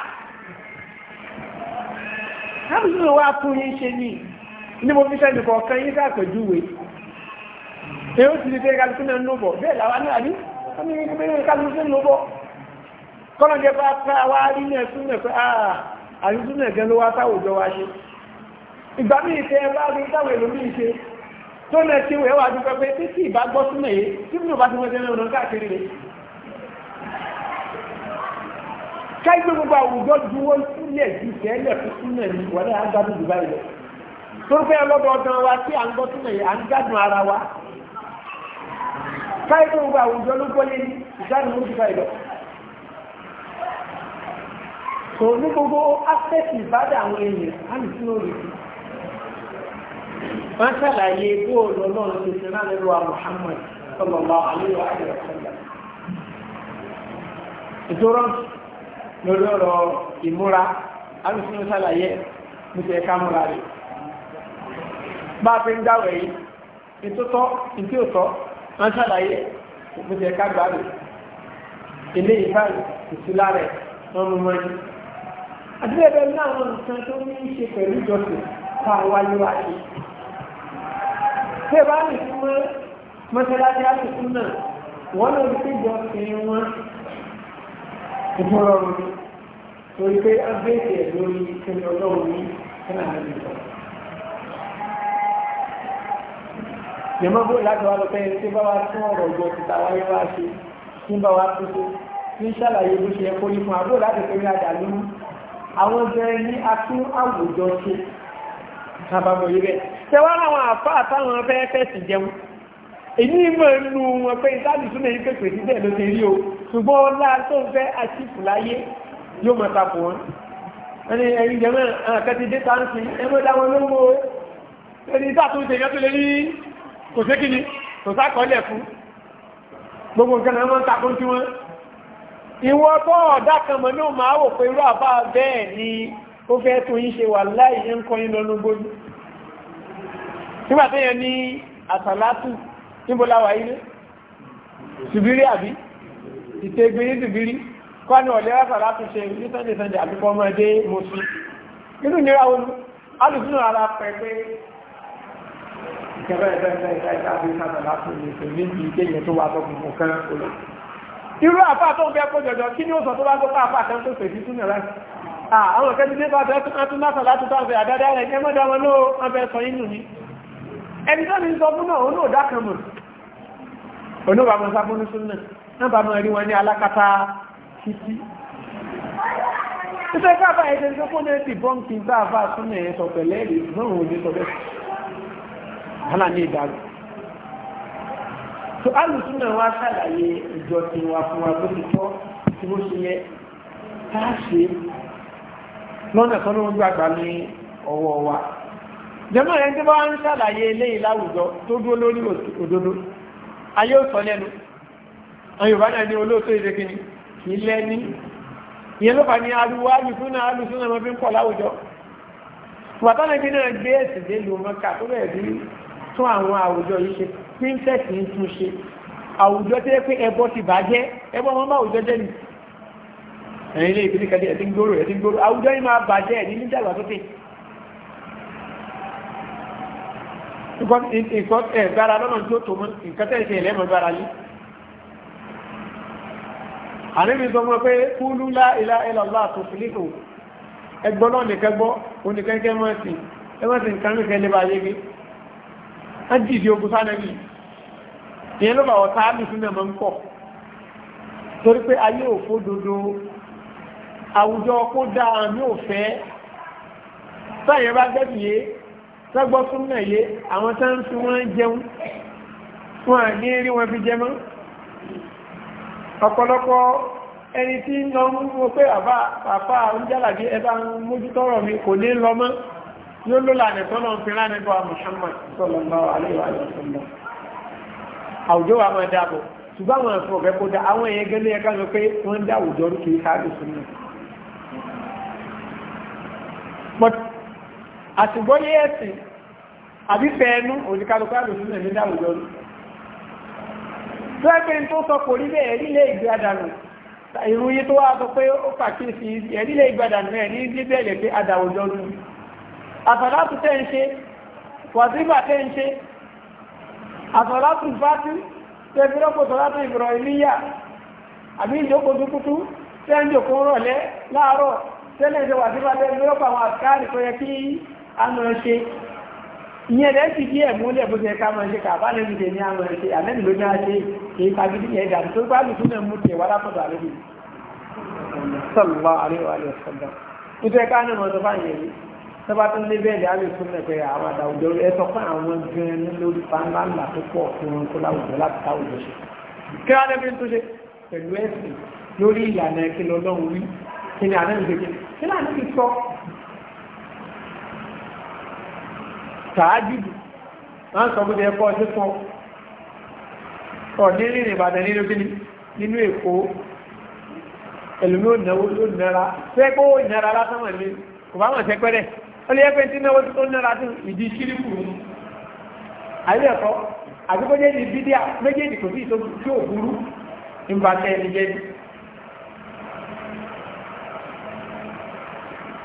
àmúṣá wa fún yín ṣe ni ní mo fi sẹ́ni kọ̀ọ̀kan yín sàpèjúwe èyí ó ti di pé kálukú náà ń lò bọ̀ bẹ́ẹ̀ làwa náà ní wọ́n ní pé kálukú náà ń lò bọ̀ kọ́nà jẹ́ bá pẹ́ wá rí ní ẹ̀sùn náà pé àyùsùn náà gẹ́ ló wá sáwùjọ wa ṣe ìgbà míì tẹ́ bá rí sáwùjọ lómi ṣe tó lẹ tí wọ́n wá dúpẹ́ pé títí ìbá gbọ́ súnmọ̀ yìí tí bá ti wọ́n tẹ́lẹ̀ káàkiri rẹ̀. gbogbo àwùjọ dúró sílẹ̀ ju tẹ́lẹ̀ fún súnmọ̀ ní wọlé àgbàdùn Dubai lọ. tó fẹ́ ọlọ́dọọdún wa tí à ń gbọ́ súnmọ̀ yìí à ń gbádùn ara wa. káyọ̀ gbogbo àwùjọ ló gbọ́ yé ìgbádùn Dubai lọ. ní gbogbo àwọn èèyàn wọ́n ṣàlàyé bóòlù ọlọ́run ti sin náà nílùú Muhammad sallallahu alaihi wa sallam. ìṣòro lórí ọ̀rọ̀ ìmúra alùsùn ṣàlàyé mo ti ẹ̀ka múra rẹ̀. bá a fi ń dáwọ̀ yìí ìtótọ́ ìtí òtọ́ wọ́n ṣàlàyé ẹ̀ka gbà rẹ̀. ilé rẹ̀ wọ́n mú tẹ́ bá rìn sí wọn mọ́ṣáláṣí àtúntò náà wọ́n lọ sí ìjọ sí wọn ìfúnra wọn torí pé abéèkì ẹ̀ lórí kíni ọlọ́run ní kíni àwọn ìjọ. yẹmọ bó láti wá lọ pé tí bá wá tún ọ̀rọ̀ ọgbọ títa wáyé wá ṣe tí bá wá àwọn ọjọ́ ẹni a tún àwùjọ ṣe sábàmọ̀ yìí bẹ́ẹ̀ tẹwàá àwọn àfá àtàwọn afẹ́fẹ́sì jẹun èyí mọ̀ nínú wọn pé ìsáàdì súnmọ̀ yìí pèpè sí bẹ́ẹ̀ ló ti rí o ṣùgbọ́n ọlá tó ń fẹ́ àtìkù láyé yóò mọ̀ tapò wọn ẹni ẹ̀yìn jẹ́mọ́ àkẹ́tì dé táǹsì ẹgbẹ́ dáwọn ló ń mọ́ ẹni ìsàtúnṣe yẹn tó lè rí kò sé kí ni kò sákọ̀ọ́lẹ̀ fún gbogbo nǹkan náà wọ́n ń takò tí kan mọ̀ ní òun máa wò pé irú àbá bẹ́ẹ̀ ni ó fẹ́ tún yí ṣe wà láì ń kọ́ yí lọ́nà gbójú nígbà tó yẹ ní àtàlátù níbo láwà ilé ṣùbírí àbí ìtẹ́gbé ní ṣùbírí kọ́ ni ọ̀lẹ́ àtàlátù ṣe ní sunday sunday àbí kọ́ máa dé mọ́sí nínú ìnira olú alùsùnà ara pẹ̀pẹ́ ìjọba ẹ̀fẹ́ ẹ̀fẹ́ ìta ìta àbí àtàlátù ní ìṣẹ̀ níbi ìkéyẹ tó wà tó gbogbo kan olú irú àfáà tó ń bẹ́ kó jọjọ kí ni ó sọ tó bá tó pàápàá kan tó fèsì túnú rẹ̀ àwọn ọ̀kẹ́ nílé bá bẹ́ẹ̀ tún tún lásà láti tán fẹ́ àdádá rẹ̀ jẹ́ mọ́dá wọn lóò wọ́n fẹ́ sọ inú ní ẹni tó ní sọ fún náà ó náà dákan mọ̀ onóbà mọ̀ sáfún sún náà náà bá mọ̀ rí wọn ní alákatá títí títẹ́ káàbà ẹ̀jẹ̀ tó kó lẹ́ẹ̀tì bọ́ǹkì bá bá sún ẹ̀ sọ pẹ̀lẹ́ rè náà ò ní sọ bẹ́ẹ̀ hálà ní ìdàrú tó alùsùn náà wá ṣàlàyé ìjọ tiwa fún wa tí wọ́n ṣe yẹ káàṣe lọ́nà kan ló ń gbàgbà ní ọwọ́ wa jẹ́mọ́ rẹ̀ tí bá ń ṣàlàyé eléyìí láwùjọ tó dúró lórí òdodo ayé ò sọ lẹ́nu àwọn Yorùbá náà ní olóòtú èdè kìíní kì í lẹ́ni ìyẹn ló fà ní ariwo alùsúnà alùsúnà máa fi ń pọ̀ láwùjọ wàtánàbí náà gbé ẹ̀sìn dé lu mọ́kà tó bẹ̀rẹ̀ ẹ̀yìn ilé ìpínlẹ̀ kẹ́lẹ́ ẹ̀tí gbòòrò ẹ̀tí gbòòrò àwùjọ yìí máa bàjẹ́ ẹ̀ ní níjàgbà sókè nǹkan ẹ̀ gbára lọ́nà tí ó tó mọ́ nǹkan tẹ̀ ṣe ẹ̀lẹ́mọ̀ gbára yìí àníbi sọ mọ́ pé kúlú lá ilá ilọ̀lá tó fìlíkò ẹgbọ́n náà nìkan gbọ́ oníkẹ́kẹ́ mọ́ sí ẹgbọ́n sì ìyẹn ló bá ọ̀tá àlùfínà máa ń pọ̀ torí pé ayé òfó dodo àwùjọ kó dáa ní òfẹ́ sáyẹn bá gbẹ́bì yé sọ́gbọ́ súnmọ̀ yé àwọn tó ń fi wọ́n jẹun wọn à ní rí wọn fi jẹ mọ́ ọ̀pọ̀lọpọ̀ ẹni tí ń lọ mú mo pé àbá oúnjẹ́làbí ẹbá ń mójútọ́rọ̀ mi kò ní lọ mọ́ yóò ló lànà tọ́lọ̀ ń fi ránà bọ́ Muhammad sallallahu alaihi wa sallam àwùjọ wa máa dáàbò ṣùgbọ́n àwọn ẹ̀fọ́ ọ̀fẹ́ kó dá àwọn èèyàn gẹ́lẹ́ ẹ̀ká lọ pé wọ́n dá àwùjọ kìí káàdì but àtìgbọ́yé ẹ̀sìn àbí fẹ́ẹ̀nú òdíkàlùkù àdùsùn ẹ̀mí dáwùjọ́ ní tó ẹgbẹ́ tó sọ kò rí bẹ́ẹ̀ ẹ̀rílẹ̀ ìgbàdànù ìrúyí tó wá sọ pé ó pàkíyèsí ẹ̀rílẹ̀ ìgbàdànù ẹ̀rí níbẹ̀lẹ̀ pé adàwùjọ́ ní àtọ̀látù tẹ́ ń ṣe wàtíbà tẹ́ ń ṣe àtọ̀látù fátí tẹ́ fi rọ́pò tọ́látù ìbùrọ̀ ìlíyà àbí ìjókòó dúkútú tẹ́ ń jòkó rọ̀lẹ́ láàárọ̀ tẹ́lẹ̀ ìjọ wà síbá bẹ́ẹ̀ lọ́pọ̀ àwọn àkáàrí tó yẹ kí a máa ṣe ìyẹn rẹ̀ ti kí ẹ̀mú lẹ̀ bó ṣe ká máa ṣe kàbá lẹ́nu tẹ̀ ní a máa ṣe àmẹ́nu ló ní a ṣe kìí pàgídí yẹn dàbí tó bá lùkú náà mú tẹ̀ wá látọ̀dọ̀ àlejò sọlọ àríwá àlè ọ̀sọ̀dọ̀ nítorí ká ní ọmọ tó bá yẹ lórí ìlànà kí lọ́lọ́run wí kí ni àná ìgbèjì kí ni àná ìsọ tààjùdù wọ́n sọ gbogbo ẹ̀kọ́ ọdún fún ọ̀dí rìnrìn ìbàdàn nínú gíní nínú èkó ẹlùmí ò náwó ló nára pẹ́pẹ́ ó nára lásán wọ̀n ní kò bá wọ̀n tẹ́ pẹ́rẹ́ ó lè pẹ́ tí náwó tó nára tún ìdí síríkù ní ayé ẹ̀kọ́ àti kó jẹ́ ní bídíà méjèèjì kò sí ìtòkù tí ò burú ìbàdàn ẹni jẹ́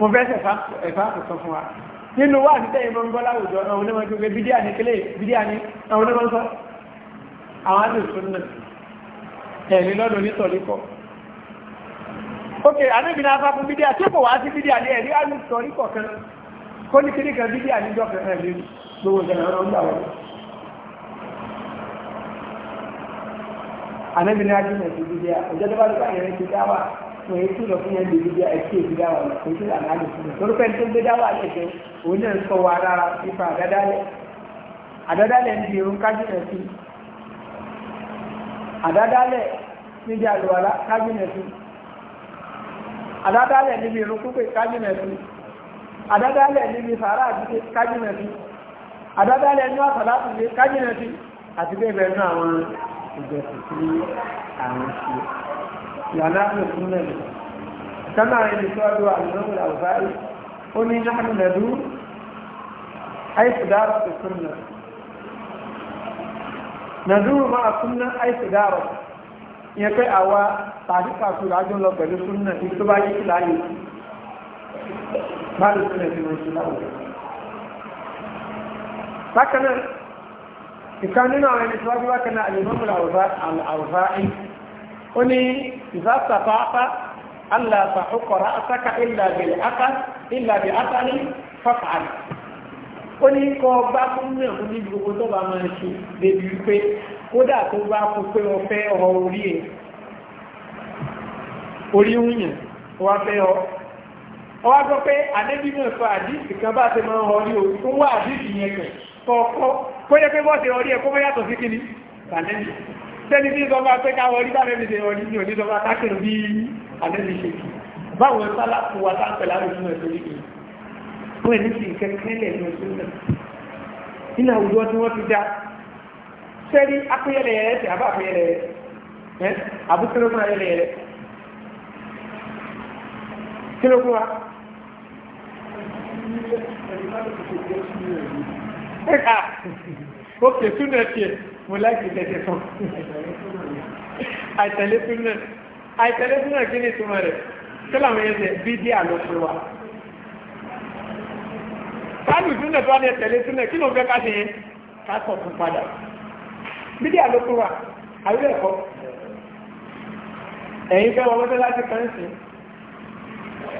mo fẹ́ ẹ̀fà àkọ́kọ́ fún wa nínú wà ní tẹ́yìn mọ́ngọ́ láwùjọ àwọn onímọ̀ tó gbé bídíà ní kílé bídíà ní àwọn onímọ̀ sọ àwọn àdùsùn náà ẹ̀rí lọ́dún ní tọ̀ríkọ̀ ok anábì náà fà fún bídíà tí kò wá sí bídíà ní ẹ̀rí àdùn tọ̀ríkọ̀ kan kó ní kíní kan bídíà ní dọ́kẹ̀ ẹ̀rí gbogbo ìjọba ọ̀rọ̀ ń gbà wọ́n anábì náà kí wọ́n yẹ kí lọ fún yẹn lè gbé ẹtí èdè dáwà lọ kò sí àná lè fún mi torí pé tó gbé dáwà lẹ̀ jẹ́ òun náà ń sọ wa rárá dale àdádálẹ̀ àdádálẹ̀ ń di irun kájínà sí àdádálẹ̀ níbi àlùwàlá kájínà sí àdádálẹ̀ níbi irun pípé kájínà sí àdádálẹ̀ níbi sàárà àti kájínà sí àdádálẹ̀ ní ọ̀sán láti gbé kájínà sí àti bẹ́ẹ̀ bẹ́ẹ̀ náà àwọn ìjọsìn tí àwọn ṣe. ينام السنة كما عند سؤال عن الإمام الأوفائي قل نحن ندور حيث دارت السنة ندور مع السنة حيث دارت ìyẹn pé àwa tàbí pàtó ìrájọ́ lọ pẹ̀lú súnnà tí tó bá yí sí láyé bá lè sílẹ̀ sí oṣù láwùjọ. bákan náà ìkan nínú àwọn ẹni tí wájú bákan náà àlè mọ́mùlà àwùfáì ó ní ìfàsàfà apá aláàfà ọkọ̀rọ̀ asáka ìlàbẹ̀ atálí fàfààlì ó ní kọ́ bá fún mi ọ̀hún ní gbogbo tó bá máa ṣe débi wípé kódà tó bá fún pé wọ́n fẹ́ ọ orí ẹ̀ orí ń wọ́n fẹ́ ọ ọwá gbọ́ pé àdébí náà sọ àdíìsì kan bá ti máa ń ọrí o tó wá àdíìsì yẹn kẹ̀ kọ́ọ̀kọ́ kó yẹ pé bọ́ọ̀sì ọrí ẹ̀ kó mọ́ yàtọ̀ sí kíni bàdẹ́bì tẹ́ni tí sọ máa pé káwọn orí bárẹ̀ nìṣẹ́ wọn ní òní sọ máa kákìrì bí àlẹ́lẹ́ ṣe kì báwọn sálà fún wa sáà pẹ̀lú àwọn ìṣúná ìṣòrí kì fún ẹni sì kẹ́kẹ́lẹ̀ ní oṣù náà nínú àwùjọ tí wọ́n ti dá sẹ́rí akúyẹ̀lẹ̀ yẹrẹ ti àbá àkúyẹ̀lẹ̀ yẹrẹ àbúkúrẹ́kùn ayẹ̀lẹ̀ yẹrẹ kí ló kú wa ó kè sún náà tiẹ̀ mo láìpẹ́ tẹ́tẹ́ kan àìtẹ̀lé súnà àìtẹ̀lé súnà kí ni ìtumọ̀ rẹ̀ kí làwọn yẹn ṣe bídí àlọ́pẹ́ wa sáàlù súnà tó wà ní ẹ̀tẹ̀lé súnà kí ló ń fẹ́ ká ṣe yẹn ká sọ̀ fún padà bídí àlọ́pẹ́ wa àwílẹ̀ ẹ̀kọ́ ẹ̀yin fẹ́ wọ́n mọ́tẹ́ láti kàn sí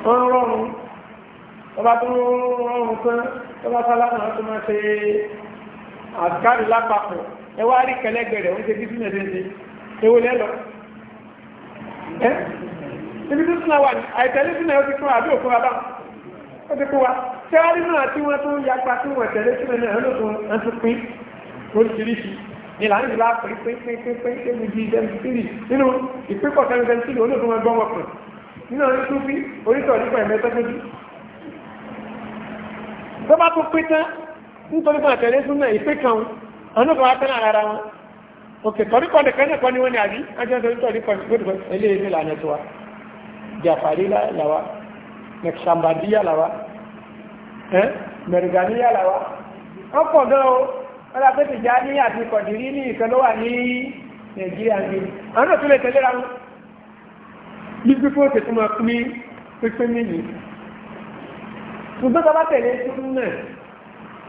wọ́n rọrùn ọba tó rọrùn tán ọba sálámà tó ẹ wá rí kẹlẹ́gbẹ̀ rẹ̀ ó ń ṣe bísínẹ̀ ṣe ewo lẹ́lọ ẹ́ ibi tó súnà wà ní àìtẹ́lẹ́ sínà ó ti kún àbí òkú wa bá ó ti kú wa tẹ́wárí náà tí wọ́n tún yapa tí wọ́n tẹ̀lé sínà náà ó lókun ẹ̀ tún pín oríṣiríṣi ní ìlànà ìlú àpè pínpínpínpín níbi ìdẹ́mìtìrì nínú ìpínkọ̀ sẹ́mìtìrì olóògùn ẹgbọ́n ọkùn nínú orí tún fi orítọ̀ nípa ẹ̀mẹ́tọ́gbójú tó bá tún pín tán nítorí fún àtẹ̀lé súnmọ́ ìpín kan ọdún kan wá tẹ́lẹ̀ ara wọn òkè tọ́ríkọ̀ nìkan nìkan ni wọ́n ní àbí ajọ́ tó ń tọ́ríkọ̀ gbọ́dọ̀ eléyìí ní ìlànà tiwa jàfàrí làwa mẹ̀sàmbàdíyà làwa mẹ̀rìgàníyà làwa ọ̀pọ̀ gan o ọlá pé tìjà ní àti kọ̀dìrí ní ìkan ló wà ní nàìjíríà ní àwọn òtún lè tẹ̀lé ra wọn bí pípé òkè tó máa pín pípé méjì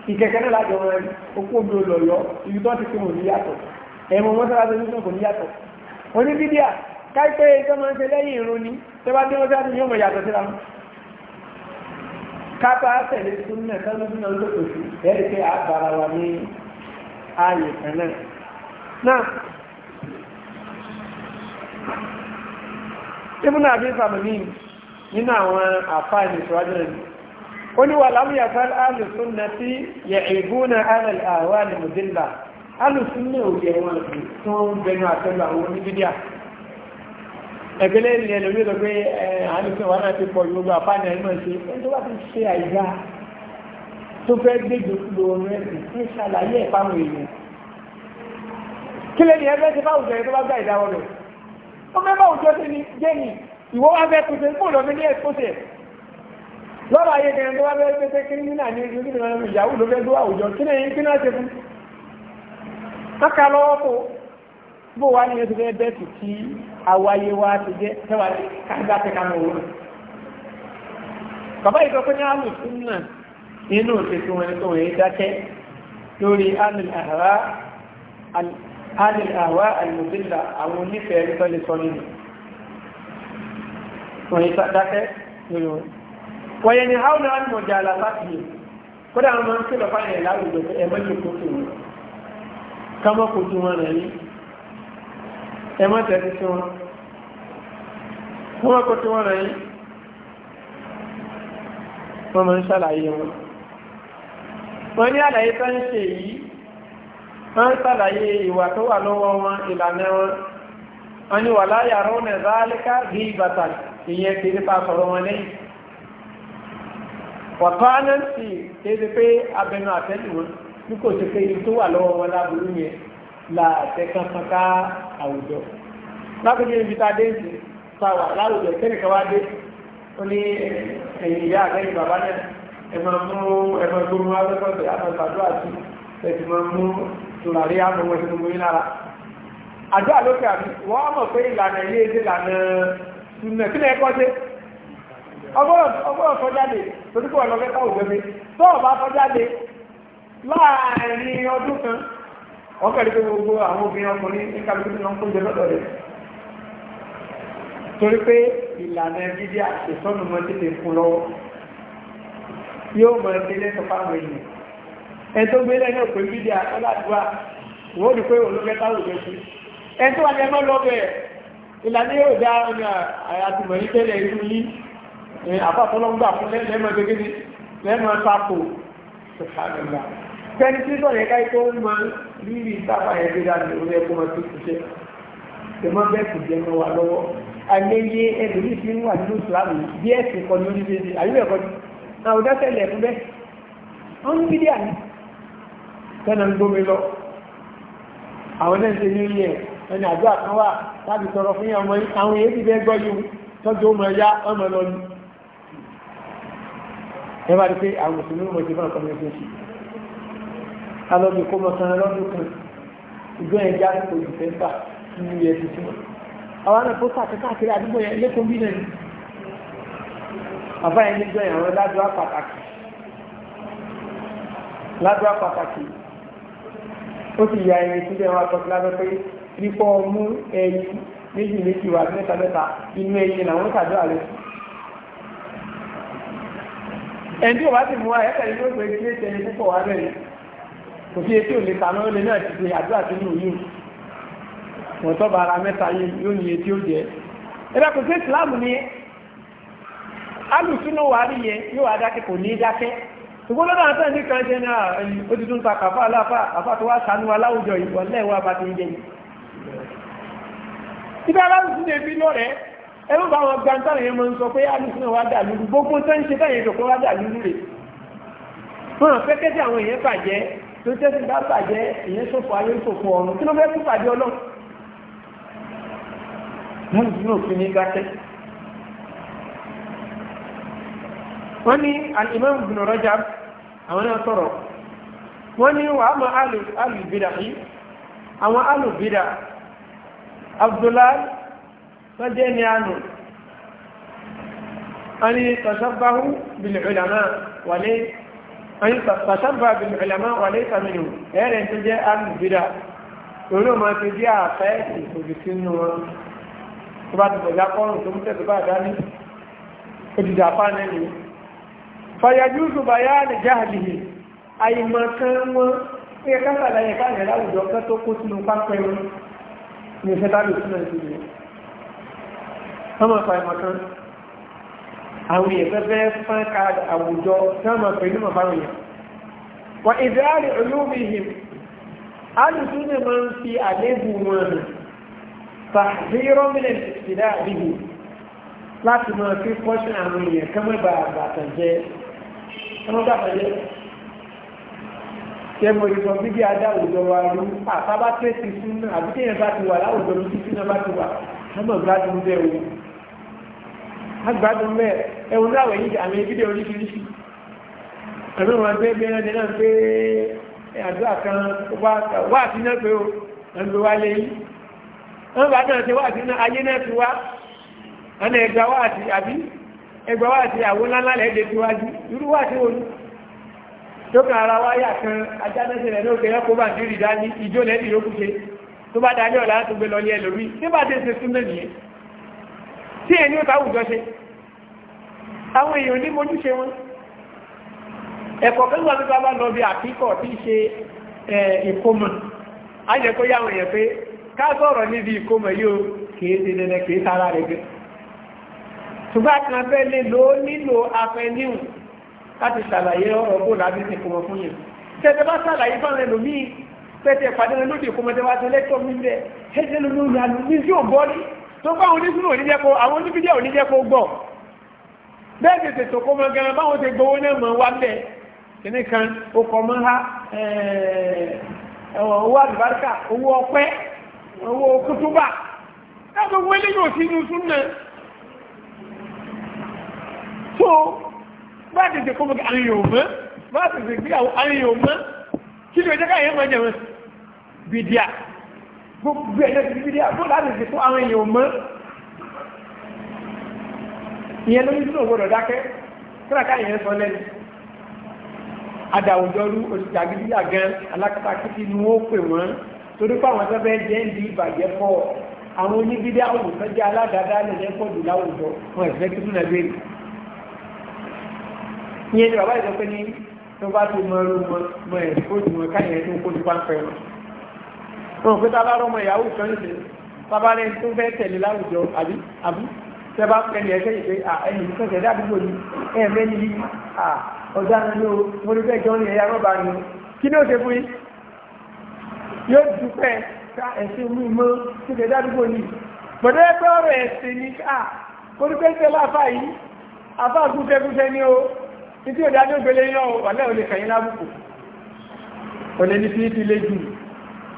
ìkẹ̀kẹ́rẹ́ lájọ rẹ̀ okú omi olọ̀yọ́ ibi tó ti fi wò ní yàtọ̀ ẹ̀mọ mọ́sálásí ní sọ̀kò ní yàtọ̀ oní bídíà káìpẹ́ iṣẹ́ máa ń ṣe lẹ́yìn ìrun ni tó bá dé mọ́sálásí yóò mọ̀ yàtọ̀ síra kápá tẹ̀lé súnmọ̀ sánú sínú lókò sí ẹ̀rí pé a bára wa ní ààyè kan náà náà ibùdó àbí fàmìlì nínú àwọn àfáà ìṣòwájú rẹ̀ oníwà lámúyà fún alùsùnà tí yẹ ìgbóná alàláwà ní mùdílà alùsùnà òbí ẹ̀wọ̀n tí wọ́n ń bẹnu àtẹ́lù àwọn oníbídíà ẹgbẹ́lẹ́ ìlú ẹlòmí lọ pé alùsùnà wà náà ti pọ̀ yóò gbà fáànì ẹ̀mọ́ ṣe tó bá ti ṣe àìdá tó fẹ́ gbégbé kúlò orin ẹ̀sìn ń ṣàlàyé ìpamọ́ èèyàn kí lẹ́ni lọ́rọ̀ ayé kẹrin tó wá bẹ́ẹ̀ pẹ́pẹ́ kí nínú àní ìlú ìyàwó ló fẹ́ tó àwùjọ kí ní kí náà ṣe fún káka lọ́wọ́ bó wá ní ẹsẹ̀ bẹ́ẹ̀ tí awáyé ti jẹ́ tẹ́wà lórí àwọn onífẹ̀ẹ́ sọ nínú. wọ́n dákẹ́ wọ̀nyẹn ni hau na ni mọ̀jà àlàfà yìí kódà àwọn máa ń kí lọ́fà yẹn láwùjọ pé ẹ̀mọ́ ti kó tòun ká mọ́ kó tún wọn rẹ̀ yìí ẹ̀mọ́ tẹ̀sí sí wọn ká mọ́ kó tún wọn rẹ̀ yìí wọ́n máa ń ṣàlàyé wọn. wọ́n ní àlàyé tó ń ṣe yìí wọ́n ń ṣàlàyé ìwà tó wà lọ́wọ́ wọn ìlànà wọn wọ́n ní wàláyà rọ́ọ̀nẹ̀ záálíkà bí ìbàtà ìyẹn kiri pa sọ̀rọ̀ wọn lẹ́yìn wọ̀tọ́ anẹ́sì kéde pé abẹnú àtẹ́lùwọ́ bí kò ṣe pé tó wà lọ́wọ́ wọn láburú yẹn là tẹ́kànkanká àwùjọ. lákòókò ibi tá a dé sí sáwà láwùjọ kẹ́nìkan wá dé ó ní ẹ̀yìn ìyá àtẹ́yìn bàbá náà ẹ máa mú ẹ máa gbóhùn abẹ́kọ̀ọ́sẹ̀ àmọ́ ìgbàdúrà sí ẹ sì máa mú tùlàrí àmọ́ wọn sínú mọ́yìn lára ọgbọ́n sọ́jáde torí kò wà lọ́gẹ́ta ògbẹ́mi tó ọba sọ́jáde láàárín ọdún kan ọkẹ́rì pé gbogbo àwọn obìnrin ọkùnrin ní kálukú náà ń kó jẹ lọ́dọ̀ rẹ̀ torí pé ìlànà dídí àṣetọ́nù mọ́ tètè fún lọ́wọ́ yóò mọ ẹgbẹ́ lẹ́sọ̀ fáwọn èèyàn ẹ tó gbé lẹ́yìn òpin dídí àtọ́ládùá wọ́n rí pé ológẹ́ta ògbẹ́mi ẹ tó wà ní ẹgbẹ́ lọ́bẹ̀ ìlànà yóò dá ọ̀nà àyàtùmọ̀ yìí tẹ́lẹ̀ irú yìí àbátọ́lọ́gbà fún lẹ́mọ̀ gẹ́gẹ́ ní lẹ́mọ̀ sápò ṣùgbọ́n tẹni tí sọ̀rọ̀ ẹ̀ka ikọ́ ń mọ rírì sábà yẹn gbé dání orí ẹ̀kọ́ máa tó ṣiṣẹ́ tẹmọ́ bẹ́ẹ̀ kò jẹ́ mọ́ wa lọ́wọ́ àìmọye ẹlòmíì fi ń wà nínú ìsìlámù bí ẹ̀sìn kan ní oríṣiríṣi àyùbẹ̀ kan náà ò dáṣẹ́lẹ̀ fún bẹ́ẹ̀ wọ́n ń bídí àná tẹ́nà ń gbómi lọ àwọn náà ń ṣe ní ilé ẹni àdúrà kan láti sọ̀rọ̀ fún àwọn èyí gbọ́ yìí tọ́jú ọmọ ẹ̀yà ọmọ lọ́nu ẹ bá rí pé àwọn mùsùlùmí mọ̀ ìjọba nǹkan mẹ́rin ṣe alọ́bì kó mọ̀ kan lọ́dún kan ìjọ yẹn já sí ojú fẹ́ gbà nínú yẹn ti túmọ̀ àwọn náà pósà káàkiri àdúgbò yẹn lẹ́kọ̀ọ́ bí náà ni bàbá yẹn níjọ yẹn àwọn ládùá pàtàkì ládùá pàtàkì ó sì ya ẹyin sílẹ̀ wọn àtọ́sí lábẹ́ pé rí fọ́ mú ẹyin méjì méjì wà mẹ́ta mẹ́ta inú ẹyin làwọn kàdúrà lẹ́sùn ẹni tí o ti mú wa ẹ̀ka yìí gbé kí ẹ púpọ̀ bẹ̀rẹ̀ kò etí náà ti àdúrà wọ́n tọ́ bara mẹ́ta yóò ní etí ó jẹ́ kò sí Islam ni rí yóò dákẹ́ kò ní dákẹ́ ṣùgbọ́n lọ́dọ̀ kan jẹ́ náà ó ti ta aláfà àfà tó wá aláwùjọ ẹ̀rọ bá wọn gbantá yẹn mọ́ ń sọ pé alùsùn náà wá dà lúrú gbogbo tó ń ṣe báyẹn tó kọ́ wá dà lúrú rẹ̀ wọn fẹ́ kẹ́sì àwọn èèyàn bàjẹ́ tó tẹ́sí bá bàjẹ́ èèyàn ṣòfò ayé ṣòfò ọ̀run kí ló fẹ́ kú pàdé ọlọ́run mú ìdúró fi ní gáṣẹ́ wọ́n ní al-Imam Ibn àwọn náà sọ̀rọ̀ wọ́n ní wàá mọ alùbídà yìí àwọn alùbídà Abdullahi wọ́n jẹ́ ní àánú ani tashabbahu bil ulama wa laysa ani tashabbaha bil ulama wa laysa minhum ẹ̀rẹ̀ tó jẹ́ àánú bídà òun máa ti di àfẹ́ ìfòjì sínú wọn tó bá ti bọ̀já kọ́rùn tó mú tẹ̀sí bá dání ó ti dàpá nẹ́ni fàyàjúùsù bá yá lè jáàdìhì àìmọ̀ kan wọn sọ́mọ̀ pa ẹmọ kan àwọn èèyàn fẹ́ fán ká àwùjọ sọ́mọ̀ pẹ̀lú màbá wọn yẹn wà ìdáàrí olómìnir alùsùn ní máa ń fi àlébù wọn nù tàbírọ́ mílẹ̀ ìdá àbíhù láti máa fi pọ́ṣìn àwọn èèyàn kẹ́mọ́ bá àbàtàjẹ́ kẹ́mọ́ bá àbàjẹ́ kẹ́mọ́ ìsọ̀ bíbí adá àwùjọ wa rú àtàbátẹ́ ti sún náà àbíkẹ́yẹn bá ti wà láwùjọ ló ti náà bá ti wà agbádùn mẹ́ ẹ̀wọ̀n láwẹ̀ yìí àmì ìbídẹ̀ oríṣiríṣi àmì wọn pé bí ẹran náà pé àdúrà kan wà sí náà pé ó ń lo wá lé yìí wọn bá náà ti wá sí náà ayé náà ti wá wọn ẹgbà wá sí àbí ẹgbà wá sí àwọn ńláńlá lẹ́ẹ̀dẹ̀ tí wájú irú wá sí òní tó kan ara wáyà kan ajánẹ́sẹ̀ rẹ̀ lóòkè ẹ̀kọ́ bá ń dìrì dání ìjó lẹ́ẹ̀dì lókùnṣe tó bá dájọ́ láti gbé lọ tí ẹni ó táwùjọ ṣe àwọn èèyàn ní mojúṣe wọn ẹ̀kọ́ kan wà nípa bá lọ bí àkíkọ̀ tí ṣe ìkómọ ajẹ́kọ́ yá àwọn èèyàn pé ká sọ̀rọ̀ níbi ìkómọ yóò kìí ṣe dẹ́dẹ́ kìí sára rẹ̀ gẹ́ ṣùgbọ́n kan fẹ́ lè lò ó nílò afẹ́níhùn láti ṣàlàyé ọ̀rọ̀ bó lábí ti kọmọ fún yẹn tẹ́tẹ́ bá ṣàlàyé fáwọn ẹlòmíì pẹ́tẹ́ ìpàdé lóde ìkómọ tẹ́wàá tẹ́lẹ́tọ̀ mi bẹ́ẹ̀ tó bá àwọn onísùnú oníjẹ́ kó àwọn oníbíjẹ́ oníjẹ́ kó gbọ́ bẹ́ẹ̀ tètè tó kó máa gan báwọn ti gbowó náà mọ̀ wá bẹ́ẹ̀ kìnnì kan ó kọ́ mọ́ ha owó àlùbáríkà owó ọpẹ́ owó kútúbà láti owó eléyìí òsì inú sún náà tó bá tètè kó máa gan àyìn ò mọ́ bá tètè gbé àyìn ò mọ́ kí ni ò jẹ́ káyẹ̀ máa jẹun bìdíà gbogbo ẹ̀lẹ́ ti fi dé àbó láti fi fún àwọn èèyàn mọ́ ìyẹn ló ní sínú òwúrọ̀ dákẹ́ kíláàkà ìyẹn sọ lẹ́nu adàwùjọ́rú olùdàgídíyà gan alákàtà kìkì ni wọ́n pè wọ́n torí pé àwọn sábẹ́ jẹ́ ń di ìbàjẹ́ pọ̀ àwọn oníbídé àwùjọ jẹ́ aládàáda lẹ́lẹ́ pọ̀ jù láwùjọ wọn ẹ̀fẹ́ tuntun náà béèrè ìyẹn ni bàbá ìsọ pé ní tó bá ti mọ ẹrú mọ ẹ̀fọ́ ìmọ̀ káyẹn tó kó ti pàǹpẹ́ wọn òun pé tábàárọ̀ ọmọ ìyàwó kan ṣe tábàárẹ̀ tó fẹ́ tẹ̀lé láwùjọ àbí àbí tẹ́bá pẹ̀lú ẹ̀ṣẹ́ ìpé ẹni ìfẹ́ṣẹ̀ dábìbò ní ẹ̀mẹ́ ní ọjọ́ àwọn ní orílẹ̀ ìjọ ní ẹ̀yà rọ́bà ní kí ní ó ṣe fún yóò dúpẹ́ ẹ̀ṣẹ́ mú mọ́ sílẹ̀ dábìbò ní pẹ̀lú ẹgbẹ́ ọ̀rọ̀ ẹ̀ṣẹ́ ní orílẹ̀ ìjọ láfà yìí afá gúnfẹ́gúnfẹ́ ní o títí ò dájú ògbélé yọ wà lẹ́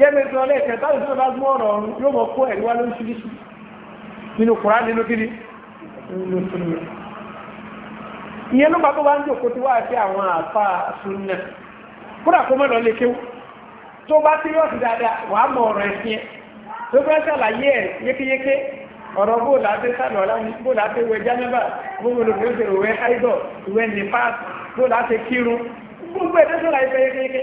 yẹ́mi sọ lẹ́ẹ̀kẹ́ táwọn ìṣẹ́ bá gbọ́ ọ̀rọ̀ ọ̀run yóò mọ̀ kó ẹ̀rí wá lóríṣiríṣi nínú kùrá nínú kíni ìyẹn ló bá tó bá ń jòkó tí wáá sí àwọn àfa sunna kúrà kó mọ̀nà lè kéwú tó bá sí yọ̀sí dáadáa wàá mọ ọ̀rọ̀ ẹ̀sìn ẹ̀ tó fẹ́ ṣàlàyé ẹ̀ yékéyéké ọ̀rọ̀ bó láti sàlọ̀ láti bó láti wẹ jánábà gbogbo olùkọ́ ìwé áìdọ̀ ìwé nípa bó láti kírun gbogbo ẹ̀ tó ṣàlàyé fẹ́ yékéyéké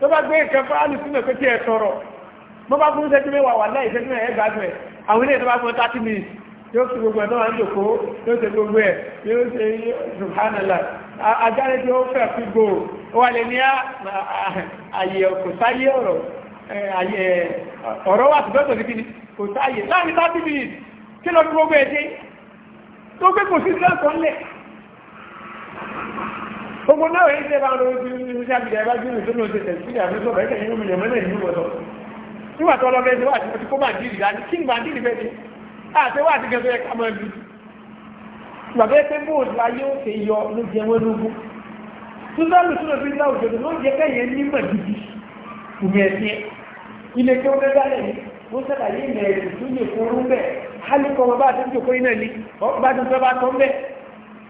tó bá gbé nǹkan fáálù sínú pé kí ẹ tọrọ mo bá fún sẹ́jú mẹ́wàá wà láì sẹ́jú mẹ́wàá ẹgbàá gbẹ̀ àwọn ilé ìtọ́ba fún thirty minutes yóò fi gbogbo ẹ̀ náà ń jòkó yóò ṣe gbogbo ẹ̀ yóò ṣe subhanallah ajáde tí ó fẹ́ fi gbò ó wà lè ní àyè kò sáyé ọ̀rọ̀ àyè ọ̀rọ̀ wà tó dọ́tọ̀ níbi kò sáyé láàrin thirty minutes kí lọ fi gbogbo ẹ̀ dé tó gbé kò sí sílẹ̀ kan lẹ̀ gbogbo náà yìí tẹ́ bá ń lọ sí social media bá jùlọ tó lọ sí tẹ̀sílẹ̀ àbúrò bẹ́ẹ̀ tẹ̀yìn omi lẹ̀ mọ́lẹ̀ nínú ọ̀dọ́ nígbà tó lọ bẹ́ẹ̀ tí wà ti kó bàndìrì láti kí ni bàndìrì bẹ́ẹ̀ ni àti wà ti gẹ̀ẹ́sọ̀ yẹ ká máa bí gbàgbé pé bóòlù ayé ó ṣe yọ ló jẹ wọn lógún sísọ́ọ̀lù tó lọ sí ilé àwùjọ tó wọ́n ṣàlàyé ìmọ̀ ẹ̀sìn tó lè forú bẹ́ẹ̀ hálùkọ́ bá ti ń jòkó iná ni bá ti ń sọ bá tán bẹ́ẹ̀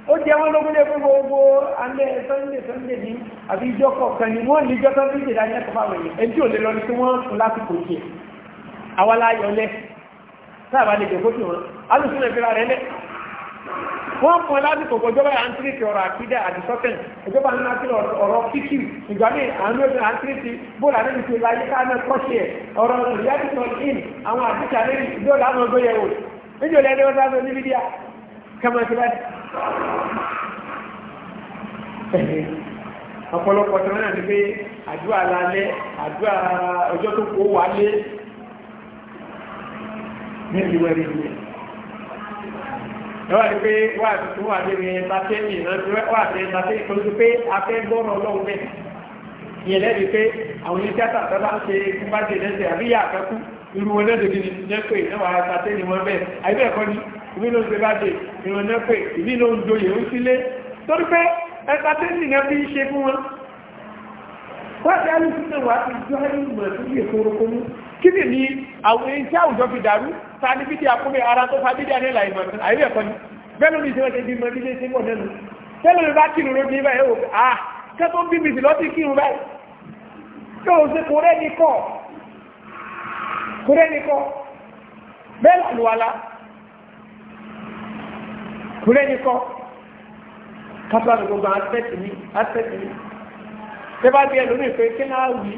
ó jẹ wọn lógún lé fún gbogbo alẹ́ sunday sunday ní àbí ìjọ kọ̀ọ̀kan ni wọ́n lè jọ sunday dé láyé ẹ̀kọ́ fáwọn èèyàn ẹni tí ò lè lọ ní kí wọ́n fún lásìkò tiẹ̀ àwa láyọ̀ lẹ̀ sáàbà lè jẹ́ kókè wọn alùsùn lè fira rẹ̀ lẹ̀ wọ́n fún lásìkò kò jọba àǹtíríkì ọ̀rọ̀ àkídà àdìsọ́tẹ̀ ìjọba ń láti ọ̀rọ̀ kíkì ìgbà míì àwọn ọ̀rọ̀ àǹtíríkì bóòlù àdébí ti láyé káná kọ́ṣẹ́ ọ̀rọ̀ ìyá tuntun in àwọn àdìsí àdébí bóòlù àwọn ọgbẹ́yẹwò níjọ́ lẹ́ni wọ́n sábẹ́ níbi díà kama ti bá dé ọ̀pọ̀lọpọ̀ tí wọ́n náà ti pé àdúrà lálẹ́ àdúrà ọjọ́ tó kó wà lé ní ìlú ẹ̀rí ìlú ẹwà ni pé wà á tuntun wà lórí ẹ̀ńtàtẹ́nì náà wà á tẹ ẹ̀ńtàtẹ́nì tó ti pé afẹ́gbọ́rọ̀ ọlọ́run bẹ́ẹ̀ ìyẹn lẹ́bi pé àwọn oníṣẹ́ àtàtà bá ń ṣe kúbájẹ lẹ́sẹ̀ àbíyà àkẹ́kù irú wọn lẹ́dọ̀ọ́ ìmí ló ń ṣe báde ìrìn náà pé ìmí ló ń joyè ń sílé torí pé ẹ̀ka tẹ́sì náà fi ń ṣe fún wọn. wáṣẹ alùpùpù wa ti jọ ìmọ̀ tó yẹ kórókóró kí ni ni àwọn iṣẹ́ àwùjọ fi dàrú ta ni bídí akómi ara tó fa bídí anẹ́là ìmọ̀ àyè ẹ̀kọ́ ni bẹ́ẹ̀ ló ní ìṣẹ́ ọ̀ṣẹ́ bímọ bídí ṣe pọ̀ nẹ́nu tẹ́lẹ̀ ah kẹ́tọ́ bíbí sí lọ́tí o ṣe kò rẹ́ni kọ́ kò rẹ́ni kọ́ bẹ́ẹ̀ lọ́lùwàlá kúrẹ́ ní kọ́ kápá mi gbogbo aspect mi aspect mi tẹ́ bá bí ẹlòmíì pé kí náà wí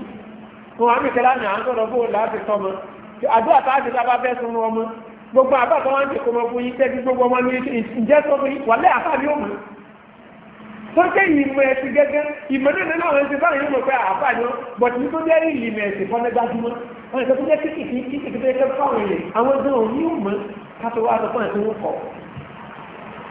wọn àmì kẹlá ní à ń sọ̀rọ̀ bóòlù láti tọ́ ọmọ àdúrà tá a ti sábà fẹ́ sun ọmọ gbogbo àbá kan wá ń tèkó ọmọ fún yín tẹ́bí gbogbo ọmọ ní ìjẹ́ sọ fún yín wàlẹ́ àfà ni ó mọ̀ sọ́kẹ́ ìmọ̀ ẹ̀sìn gẹ́gẹ́ ìmọ̀ náà náà wọ́n ti bá yín mọ̀ pé àfà ni ó bọ̀t ní tó jẹ́ ìmọ̀ ẹ̀sìn fọ́nẹ́ gbajúmọ̀ wọ́n ti tó jẹ́ kíkìkì kíkìkì tó yẹ fáwọn èèyàn àwọn ẹgbẹ́ òun ní ó mọ̀ ká tó wá sọ fún ẹ̀sìn ó kọ̀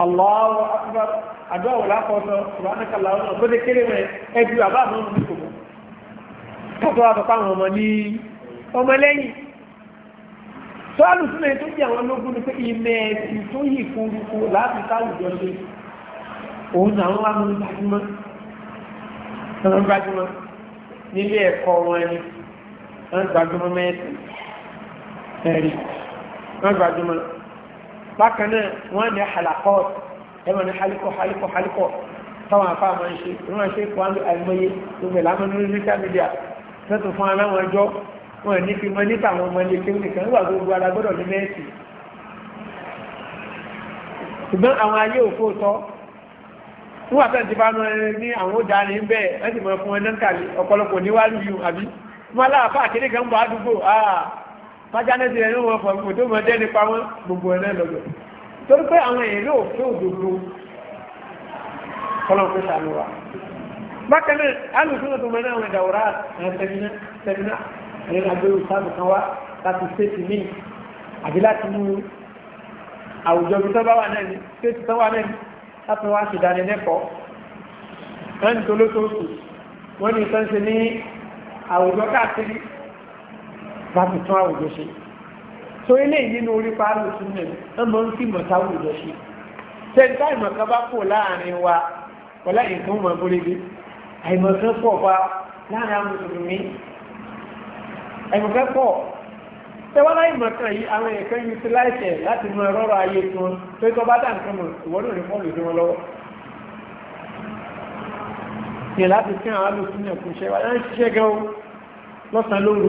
Allahu akbar àdúrà wò lákọ̀ọ́sọ ìbánaka làwọn náà gbọ́dẹ̀ kéré mẹ́ ẹbí bàbá àwọn ọmọ nìkò mọ́ tọ́tọ́ àtọ́pá àwọn ọmọ ní ọmọ lẹ́yìn sọ́ọ̀lù sílẹ̀ tó jẹ́ àwọn ológun ni pé ìmẹ̀ ẹ̀sìn tó yìí kúrukú láti sáwùjọ ṣe òun náà wà gbajúmọ́ bákan náà wọ́n ní halakọ́ ẹmọ ní halikọ́ halikọ́ halikọ́ táwọn afá ma ń ṣe wọ́n ṣe kó àwọn àìmọye gbogbo ìlànà ní social media tẹ́tù fún aláwọn ọjọ́ wọ́n ní fi mọ́ nípa àwọn ọmọ ilé kéwù nìkan nígbà gbogbo ara gbọ́dọ̀ ní mẹ́ẹ̀sì ṣùgbọ́n àwọn ayé òfó tọ́ wọ́n àtẹ́ ti bá mọ́ ní àwọn fájánẹ́sì rẹ̀ ló wọ́n fọ̀ mí tó mọ dẹ́ni pamọ́ gbogbo ẹ̀ náà lọ́dọ̀ torí pé àwọn èèyàn ló fẹ́ òdodo kọ́lọ́n pé sànù wa bákan náà alùpùpù tó mọ náà àwọn ìdàwòrán àwọn sẹ́mínà sẹ́mínà àwọn agbèrò sáàmù kan wá láti ṣéètì míì àbí láti mú àwùjọ bí tọ́ bá wà náà ní ṣéètì tọ́ wà náà ní láti wá ṣèdánilẹ́kọ̀ọ́ àwùjọ káàkiri láti tún àwùjọ ṣe so eléyìí nínú orí paálù súnmọ̀ ẹ mọ̀ ń fi mọ̀tá àwùjọ ṣe tẹ́ńtà ìmọ̀kan bá pọ̀ láàrin wa wọlá nǹkan mọ̀ bórégbé àìmọ̀kan pọ̀ bá láàrin àwọn mùsùlùmí àìmọ̀kan pọ̀ tẹ́wọ́n láì mọ̀kan yìí àwọn ẹ̀kọ́ yìí ti láìsẹ̀ láti mọ rọ́rọ̀ ayé tí wọn tó tọ́ bá dá nǹkan mọ̀ ìwọ́dún rẹ̀ fọ́ọ̀lù sí wọn lọ́wọ́ yẹn láti fi àwọn alùpùpù náà kù ṣẹ́ wa ṣiṣẹ́ gan lọ́sàn-án lóru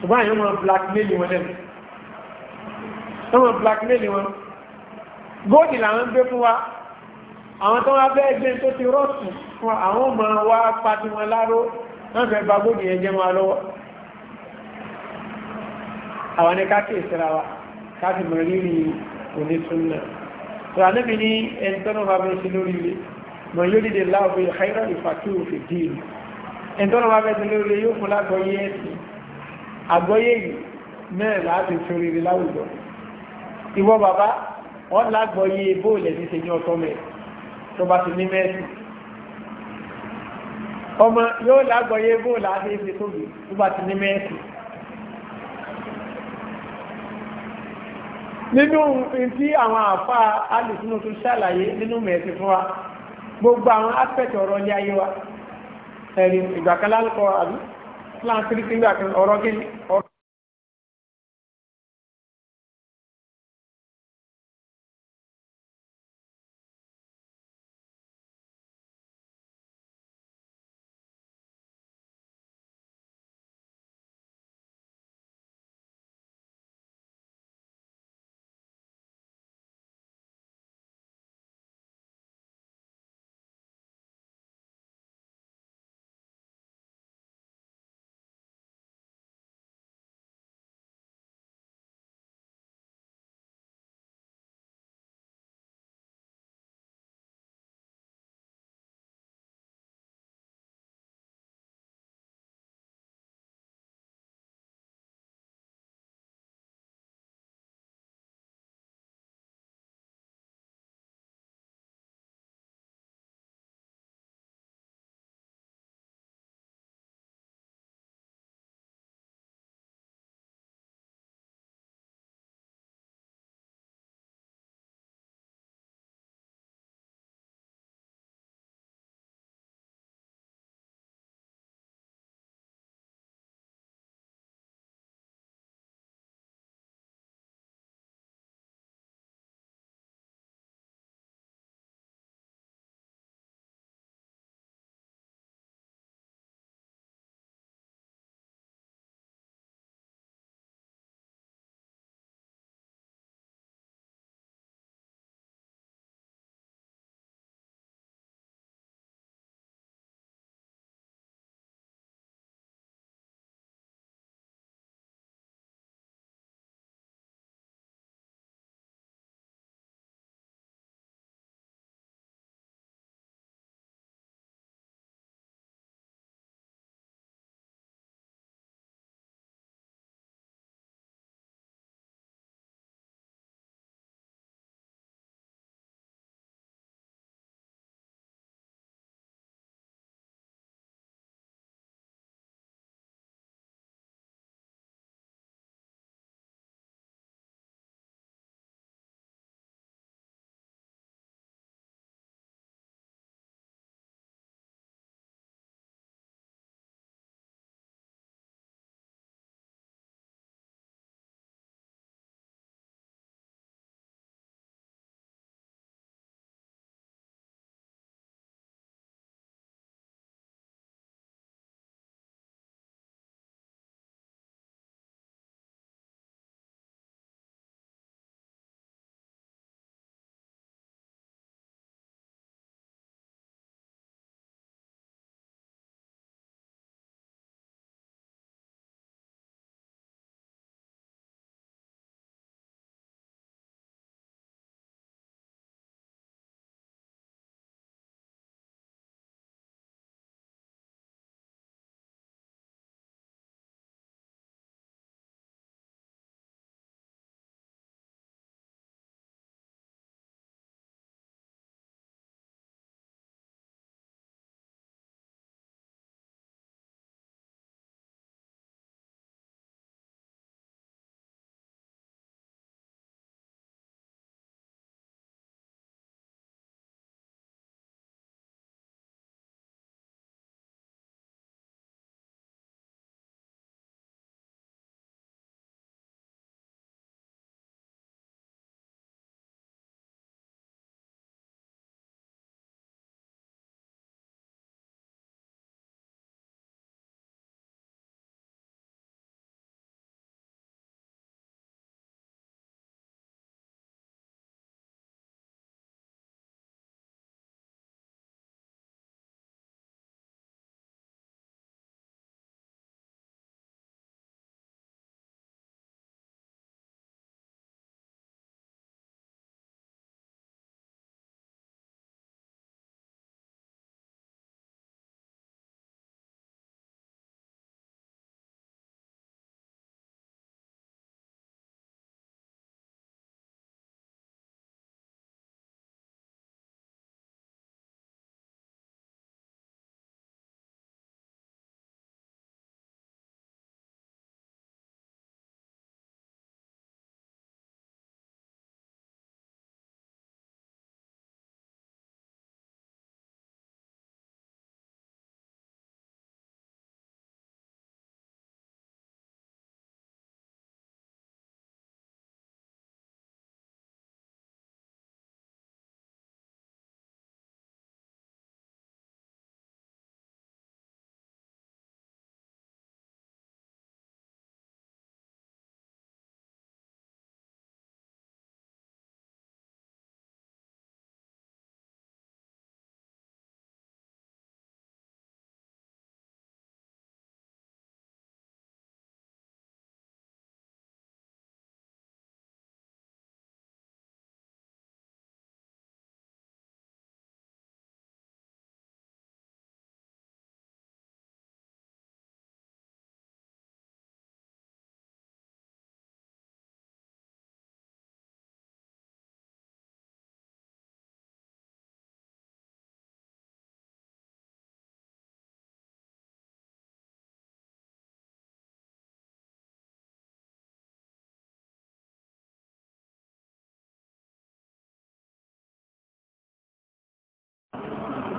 ṣùgbọ́n àyẹ́ wọn blackmail wọn lẹ́nu wọ́n blackmail wọn góòdì làwọn gbé fún wa àwọn tó wá bẹ́ẹ̀ gbé tó ti rọ́ọ̀tù fún àwọn ọmọ wa pati wọn láró wọ́n fẹ́ bà góòdì yẹn jẹ́ wọn lọ́wọ́ àwọn ni ká kéè síra wa ká fi mọ̀ rírì onítúnnà tó ànábì ní ẹni tọ́nà bá bẹ́ẹ̀ sí lórí ilé mọ̀ yóò dìde láàbù ìhàírọ̀ àgbọ́yé yìí náà láti sórí rí láwùjọ ìwọ bàbá wọn lágbọ́yé bóòlẹ̀ ní ṣe ní ọ̀tọ́ mẹ́ tó bá ti ní ọmọ yóò lágbọ́yé bóòlẹ̀ á ṣe tóbi tó bá ti ní nínú tí àwọn tó ṣàlàyé nínú fún wa gbogbo àwọn ọ̀rọ̀ ní ayé wa plan three finger ọ̀rọ̀ kí ni ọ̀rọ̀.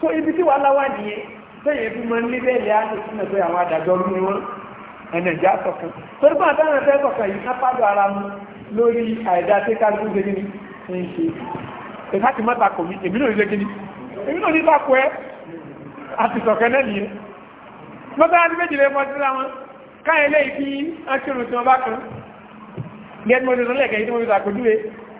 so ibi tí wàá láwá nìyẹn sẹ́yìn ẹbí máa ń lé bẹ́ẹ̀ lé àlè sínú ẹgbẹ́ àwọn àdàjọ́ ní wọn ẹ̀nà ìjà sọ̀kan torí pé àtàwọn ẹgbẹ́ sọ̀kan yìí ká pàdé ara mu lórí àìdá tí ká ló ń ṣe gíní ń ṣe ìfá ti má takò mí èmi náà ń ṣe gíní èmi náà ní takò ẹ àti sọ̀kan náà nìyẹn mọ́tàlá ti méjì lè mọ́ sí láwọn káyẹ̀lẹ́ ìfi akérò tí wọ́n bá kan gẹ́gẹ́ bí mo yìí tí mo fi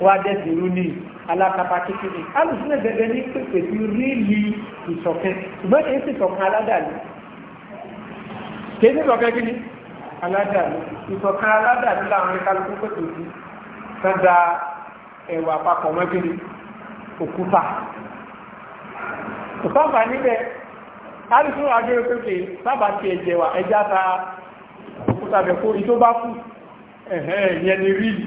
wá dẹ́sì rú ní alákapá kékeré alùsùn ẹ̀bẹ̀bẹ̀ ní pèpè sí ríìlì ìṣọ̀kan ṣùgbọ́n kìí sì ṣọ̀kan aládàlú kìí sì ṣọ̀kan kí ni aládàlú ìṣọ̀kan aládàlú làwọn kálukú pèpè sí sọ́dà ẹ̀wà papọ̀ mọ́kiri òkúta òsánfà níbẹ̀ alùsùn àgbẹ̀rẹ̀ pèpè sábà ti ẹ̀jẹ̀ wà ẹja ta òkúta bẹ̀ kó ìtó bá kú ẹ̀hẹ́ ìyẹn ni ríìlì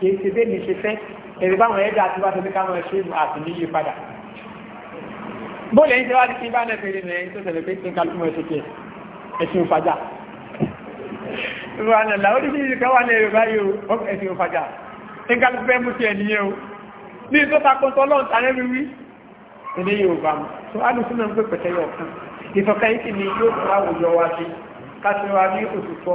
kìí ṣe bẹ́ẹ̀ ní ṣe fẹ́ ẹ̀rí báwọn ẹ̀dá àti bá tẹ́lẹ̀ káwọn ṣe àti ní yí padà bóòlù ẹ̀yìn tẹ́wàá ti kí bá náà fèrè nìyẹn tó tẹ̀lé pé kí n kálukú mọ̀ ṣe ẹ̀sìn òfàjà ìrànlọ́lá ó dìbí ìrìkà wà ní Yorùbá yóò ẹ̀sìn òfàjà ní kálukú fẹ́ mú sí ẹ̀nìyẹn o ní tó takò ni yóò tó àwùjọ wa sí kásìwá ní òtútù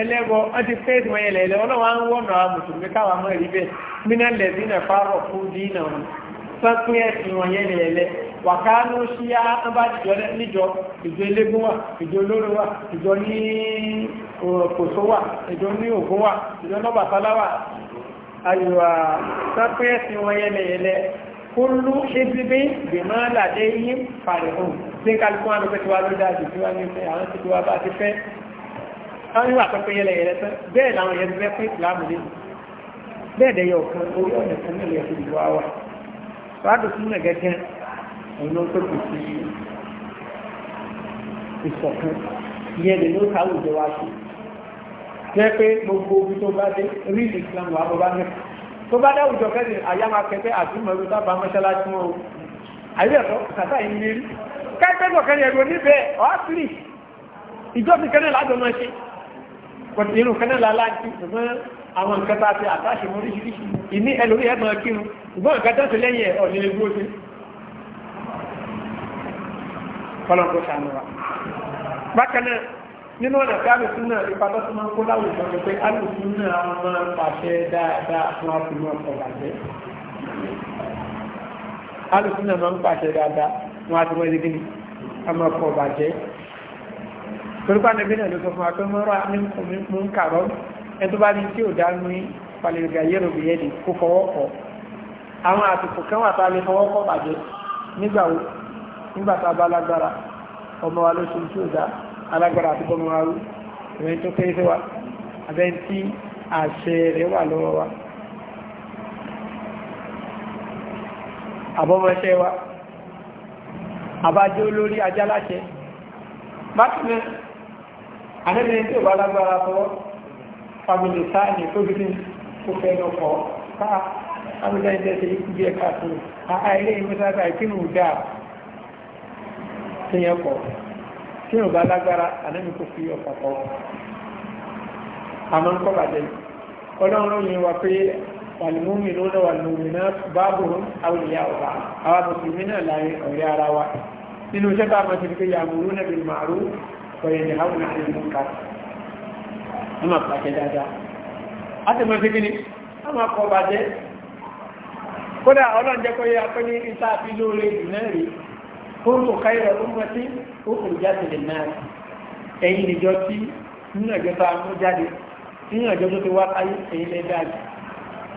ẹlẹ́bọ wọ́n ti fẹ́ ìdùn ẹ̀yẹlẹ̀ ẹ̀lẹ́ ọlọ́wọ́ ń wọ́n náà mùsùlùmí káwà mọ́ ìrí bẹ́ẹ̀ mínà lẹ́bí náà fárọ̀ fún dínà wọn sọ́kún ẹ̀sìn wọn yẹn lẹ̀ ẹ̀lẹ́ wàkánú síyá ń bá jọ níjọ ìjọ elégún wà ìjọ olóró wà ìjọ ní kòsó wà ìjọ ní ògún wà ìjọ nọ́bà sáláwà àyùwà sọ́kún ẹ̀sìn yẹn lẹ̀ kúlú ṣébíbí bìmọ́ làdé yín fàrẹ̀ hùn sí ló dáa jù tí wọ́n ní fẹ́ àwọn tí bá ti fẹ́ táwọn yóò àpẹẹpẹ yẹlẹ yẹlẹ tán bẹ́ẹ̀ làwọn yẹn fẹ́ fún ìsìláàmù lé bẹ́ẹ̀ dẹ̀ yọ ọ̀kan orí ọ̀nà kan nílò ẹ̀sìn ìlú wa rádùn sínú ẹ̀gẹ́ gan òun ló tó kù sí ìṣọ̀kan ìyẹn lè ló ká àwùjọ wa sí jẹ́ pé gbogbo omi tó bá dé rí ìsìláàmù wa bó bá mẹ́fà tó bá dáwùjọ kẹ́sì àyà máa kẹ́kẹ́ àti mọ̀rú tábà mọ́ṣáláṣí wọn o àyè kàtà yìí ní rí kẹ́kẹ́ pọ̀tù irun kan náà lálá ń kí ṣùgbọ́n àwọn nǹkan tá a ti àtàṣe mọ́ oríṣiríṣi ìní ẹlòmí ẹ̀ máa kírun ṣùgbọ́n nǹkan tó ṣe lẹ́yìn ẹ̀ ọ̀nìyàn gbó ṣe. kọ́lọ́n kó ṣàánú wa. bákan náà nínú ọ̀nà tí alùpùpù náà ipa tó tún máa ń kó láwùjọ ni pé alùpùpù náà máa ń pàṣẹ dáadáa fún àfihàn ọ̀pọ̀ bàjẹ́. alùpùpù náà máa ń pàṣẹ dáadáa fún àfihàn ọ̀pọ̀ bàjẹ́ torípa níbi náà ló sọ fún akẹ́ mọ́rọ̀ mú ń tó bá ní tí ò dá ní palẹ̀gà yẹ́rọ bìyẹ́ ni kó fọwọ́ àwọn àsìkò kan wà tá a lè bàjẹ́ bá lágbára ọmọ wa ló tí dá alágbára wa rú tó kéré sí wa tí wa àbọ́mọṣẹ́ wa àníbi tí ò bá lágbára tó fàmìlì sáàni tó bí kó fẹ́ lọ kọ́ ká àbújá ìjẹ́ ṣe ikú bí ẹ̀ka tó àá ilé ìmúsáàbà ìpínlẹ̀ òjá tí yẹn kọ́ tí ò bá lágbára àníbi kò fi ọkọ̀ kọ́ àmọ́ ń kọ́ bàjẹ́ ọlọ́run yìí wà pé wàlúmùmí ló lọ́wọ́ lórí náà báàbò àwòyá ọ̀bá àwọn mùsùlùmí náà láyé ọ̀rẹ́ ara wa nínú iṣẹ́ bá a máa ti fi pé yàgòrò náà màrú وينهون عن المنكر أما بلاك دادا أتى ما فيكني أما قوبا دي kódà ọlọ́run jẹ́ kó yẹ akọ́ ní isa àfi lóore jù náà rí kóńtò káyọ̀ ó mọ̀ sí kókò jáde lè náà ẹ̀yin ìjọ tí nínú ẹ̀jọ́ tó amú jáde nínú ẹ̀jọ́ tó ti wá káyé ẹ̀yin lè dájú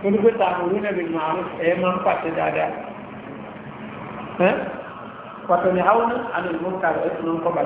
torí pé tààmù orí náà lè mọ àrùn ẹ̀ máa ń pàṣẹ dáadáa pàtó ni àwọn àlejò ń kà ẹ̀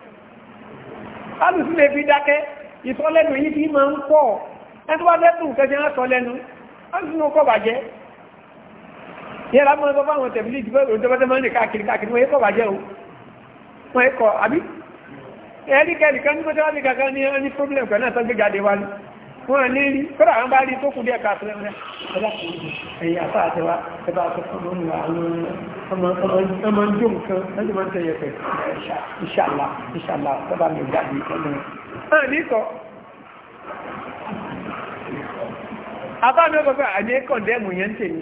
alùsùn lè fi dákẹ́ ìsọlẹ́nu yìí fi máa ń pọ̀ ẹni wá lẹ́tù kẹjẹ ń sọ lẹ́nu alùsùn kọ́ bàjẹ́ yẹn lábọ́n ẹgbẹ́ fáwọn tẹ̀bílì ìdìbò ìjọba máa ń rìn káàkiri káàkiri wọ́n yẹ kọ́ bàjẹ́ o wọ́n yẹ kọ́ àbí ẹ̀ẹ́dì kẹ́ẹ̀lì kan ní pẹ́tẹ́wálì kankan ní ẹni wọ́n ní rí kọ́rọ̀ àwọn bá rí tó kù díẹ̀ káàkiri rẹ̀ ẹ̀yà àpá àtẹwà ẹbá tó fún ọmọ àwọn ọmọ ìjọ nǹkan lọ́jọ́ máa ń tẹ̀yẹ pẹ̀ ìṣàlá ìṣàlá tọ́bà mi gbàgbé ọmọ ẹ̀ nìkọ́ àbá mi ọkọ̀ àdé kọ̀ndẹ́mù yẹn ń tèmi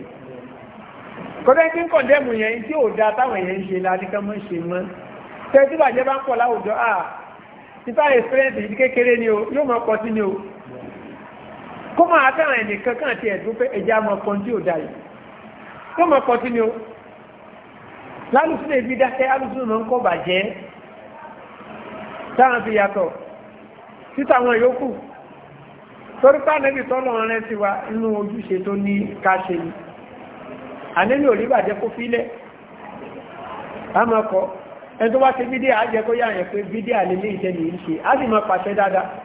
kọ́dẹ́ tí ń kọ̀ndẹ́mù yẹn tí ò da táwọn yẹn ń ṣe ládìkan mọ́ ṣe mọ́ tẹ́ tí bàjẹ́ bá ń pọ̀ láwùjọ à ah, ìfáà experience yìí kékeré ni o yóò mọ̀ pọ̀ sí ni o kó máa fẹ́ràn ẹnìkan kan ti ẹ̀dùn pé ẹja mọ̀ kan tí ò dá yìí kó mọ̀ kan tí ni o lálùsùn èbí dákẹ́ alùsùn náà ń kọ́ bàjẹ́ táwọn fi yàtọ̀ títà wọn yòókù torí pé ànẹ́bì tọ́lọ̀ rẹ̀ ti wá inú ojúṣe tó ní káṣe ni ànẹ́bì ò rí bàjẹ́ kó fílẹ̀ àmọ́kọ́ ẹni tó wá ṣe bídíà á jẹ́ kó yáyẹ̀ pé bídíà lè ní ìṣẹ́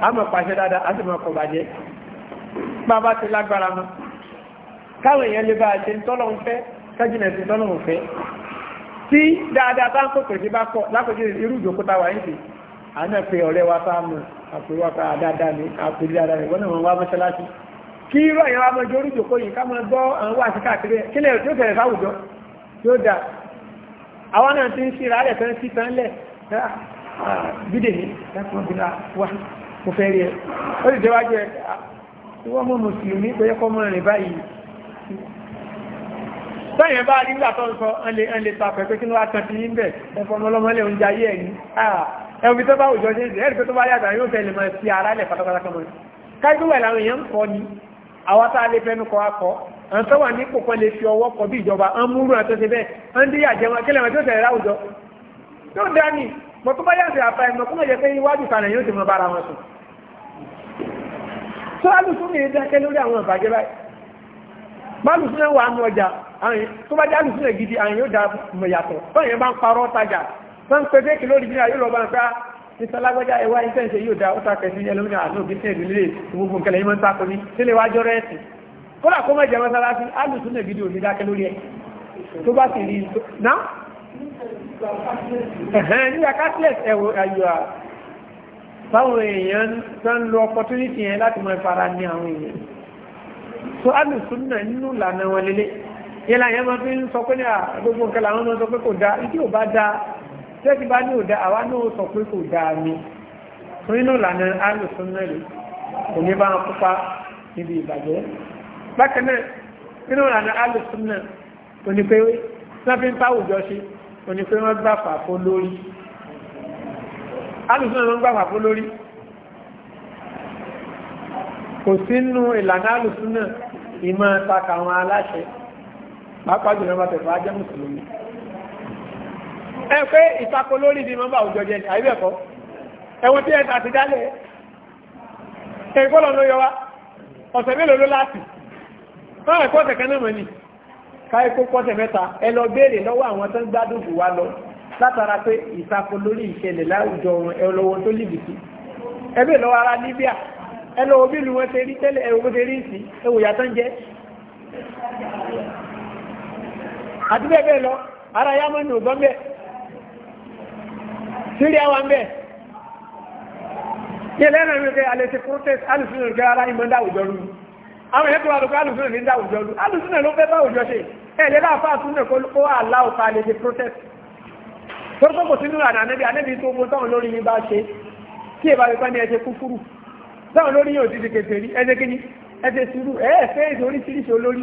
a mọ̀ pàṣẹ dáadáa a sì mọ̀ kọ̀ bàjẹ́ bá a bá ti lágbára mọ́ káwọn èèyàn lè bá a ṣe ń tọ́lọ̀ ń fẹ́ kájínà sí tọ́lọ̀ ń fẹ́ tí dáadáa tá ń kó pèsè bá kọ lápèjì irú ìjòkúta wà nídìí àná pé ọ̀rẹ́ wa tá mọ̀ àpèrè wa ká dáadáa ní àpèrè dáadáa ní wọ́n wá mọ́ṣáláṣí kí irú àyàn wa mọ́jú orí ìjòkó yìí ká mọ́ gbọ́ àwọn wà sí káàkiri kí lè tó tẹ̀lé fáwùjọ yóò dáa àwọn náà ti ń ṣe ìrálẹ̀ tán sí tán mo fẹ́ rí ẹ ó sì déwájú ẹ ìwọ́n mú mùsùlùmí pé ẹkọ́ mọ́ rìn báyìí sẹ́yìn bá rí nígbà tó ń sọ ẹ̀ lè tapẹ̀ pé kí ló wá tán ti yín bẹ̀ ẹ̀fọ́ ọmọlọ́mọlẹ̀ oúnjẹ ayé ẹ̀yìn ẹ̀wọ̀n bí tó bá òjò ṣe ń ṣe ẹ̀rí pé tó bá yàtọ̀ yóò fẹ́ lè máa fi ara lẹ̀ pátápátá kan mọ́ kájú wẹ̀ làwọn èèyàn ń kọ́ a lè fẹ́nu kọ́ akọ́ àwọn tó wà ní kò kan lè fi ọwọ́ kọ bí ìjọba ń múrù àtọ́sẹ̀ bẹ́ẹ̀ ń díyà jẹun akẹ́lẹ̀ wọn tó tẹ̀lé láwùjọ tó dání mọ tó bá yàtọ̀ àfa ẹ̀mọ kó mọ̀ jẹ́ pé iwájú ìfànà yóò ti mọ bára wọn sùn. tó alùsùn mi dákẹ́ lórí àwọn ìbàjẹ́ báyìí bálùsùn náà wà nù ọjà tó bá jẹ́ alùsùn náà gidi àwọn yóò dá mọ̀ yàtọ̀ báyìí yẹn bá ń parọ́ tajà tó ń pe déèkì lórí jìnnà yóò lọ bá ń pa ah, ìsọlágbájá ẹwà ìfẹ́ǹsẹ̀ yóò dá ọ̀tá kẹsí ẹlòmínà àti òbíṣẹ́ ìdílé ìgbogbo nǹkan lẹ́yìn máa ń tako ní sílé wájọ́ rẹ̀ ẹ̀sìn kódà kó mẹ́jẹ mọ́sálásí alùsùn náà gidi òní dákẹ́ lórí ẹ̀ tó bá sì rí náà ẹ̀hẹ́n nígbà cashless ẹ̀wọ̀ ayọ̀ à táwọn èèyàn tó ń lo opportunity yẹn láti mọ ìfara ní àwọn èèyàn so alùsùn náà nínú ìlànà wọn lélẹ̀ yẹn láyé máa fi ń sọ pé ní àgbogbo nǹkan làwọn máa sọ pé kò dáa ìdí ò bá dáa tí ó ti bá ní ò dáa àwa náà sọ pé kò dáa ni fún inú ìlànà alùsùn náà lè kò ní bá wọn kópa níbi ìbàjẹ́ bákan náà inú ìlànà alùsùn náà kò ní pé wọ́n fi ń pa àwùjọ ṣe òní pé wọ́n gbà pàpó lórí alùsùn náà wọ́n gbà pàpó lórí kò sínú ìlànà alùsùn náà ìmọ̀ takà àwọn aláṣẹ pàápàá jùlọ bá tẹ̀fọ́ ajẹ́ mùsùlùmí ẹ pé ìtakò lórí ni mọ́ bá òjò jẹ àìbẹ̀kọ́ ẹ̀wọ̀n tí ẹ tà ti dálẹ̀ ẹ̀kọ́ lọ ló yọ wá ọ̀sẹ̀ mélòó ló láti wọ́n ẹ̀kọ́ ọ̀sẹ̀ kan náà mọ̀ ni káyé kó pọ́sẹ̀ mẹ́ta ẹ lọ béèrè lọ́wọ́ àwọn tó ń gbádùn jù wá lọ látara pé ìtako lórí ìṣẹ̀lẹ̀ láwùjọ wọn ẹ lọ́wọ́ tó bìtì ẹ bẹ́ẹ̀ lọ́wọ́ ara Libya ẹ lọ́wọ́ bí ìlú wọn ṣe rí tẹ́lẹ̀ ẹ ṣe rí ìsìn ẹ wò yàtọ̀ ń jẹ́ àti bẹ́ẹ̀ bẹ́ẹ̀ lọ ara yámọ́ ní ògbọ́n bẹ́ẹ̀ wa ń bẹ́ẹ̀ yẹ lẹ́nà mi pé alẹ́ ti protest alùsùn ara ẹ̀lẹ́ bá fà tún nẹ̀kọ́ ó àlá òfà lè ṣe protest tó tó kò sínú àná anẹ́bí anẹ́bí tó mú táwọn lórí yín bá ṣe kí èbá rẹ̀ pẹ́ni ẹ̀ṣẹ̀ kúfúrù táwọn lórí yóò ti ṣe kẹsẹ̀ rí ẹ̀ṣẹ̀ kíní ẹ̀ṣẹ̀ sùúrù ẹ̀ẹ́fẹ́ èdè oríṣiríṣi olórí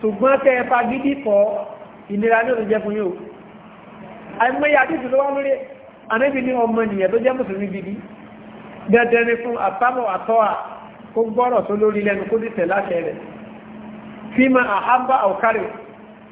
ṣùgbọ́n tẹ́ ẹ fagídí kọ ìnira ní òun jẹ́ fún yóò àìmọye àdìsù ló wá lórí anẹ́bí ní ọmọ ènìyàn tó jẹ́ mùsùlùmí gidi fíma àhábà àwòkárẹ̀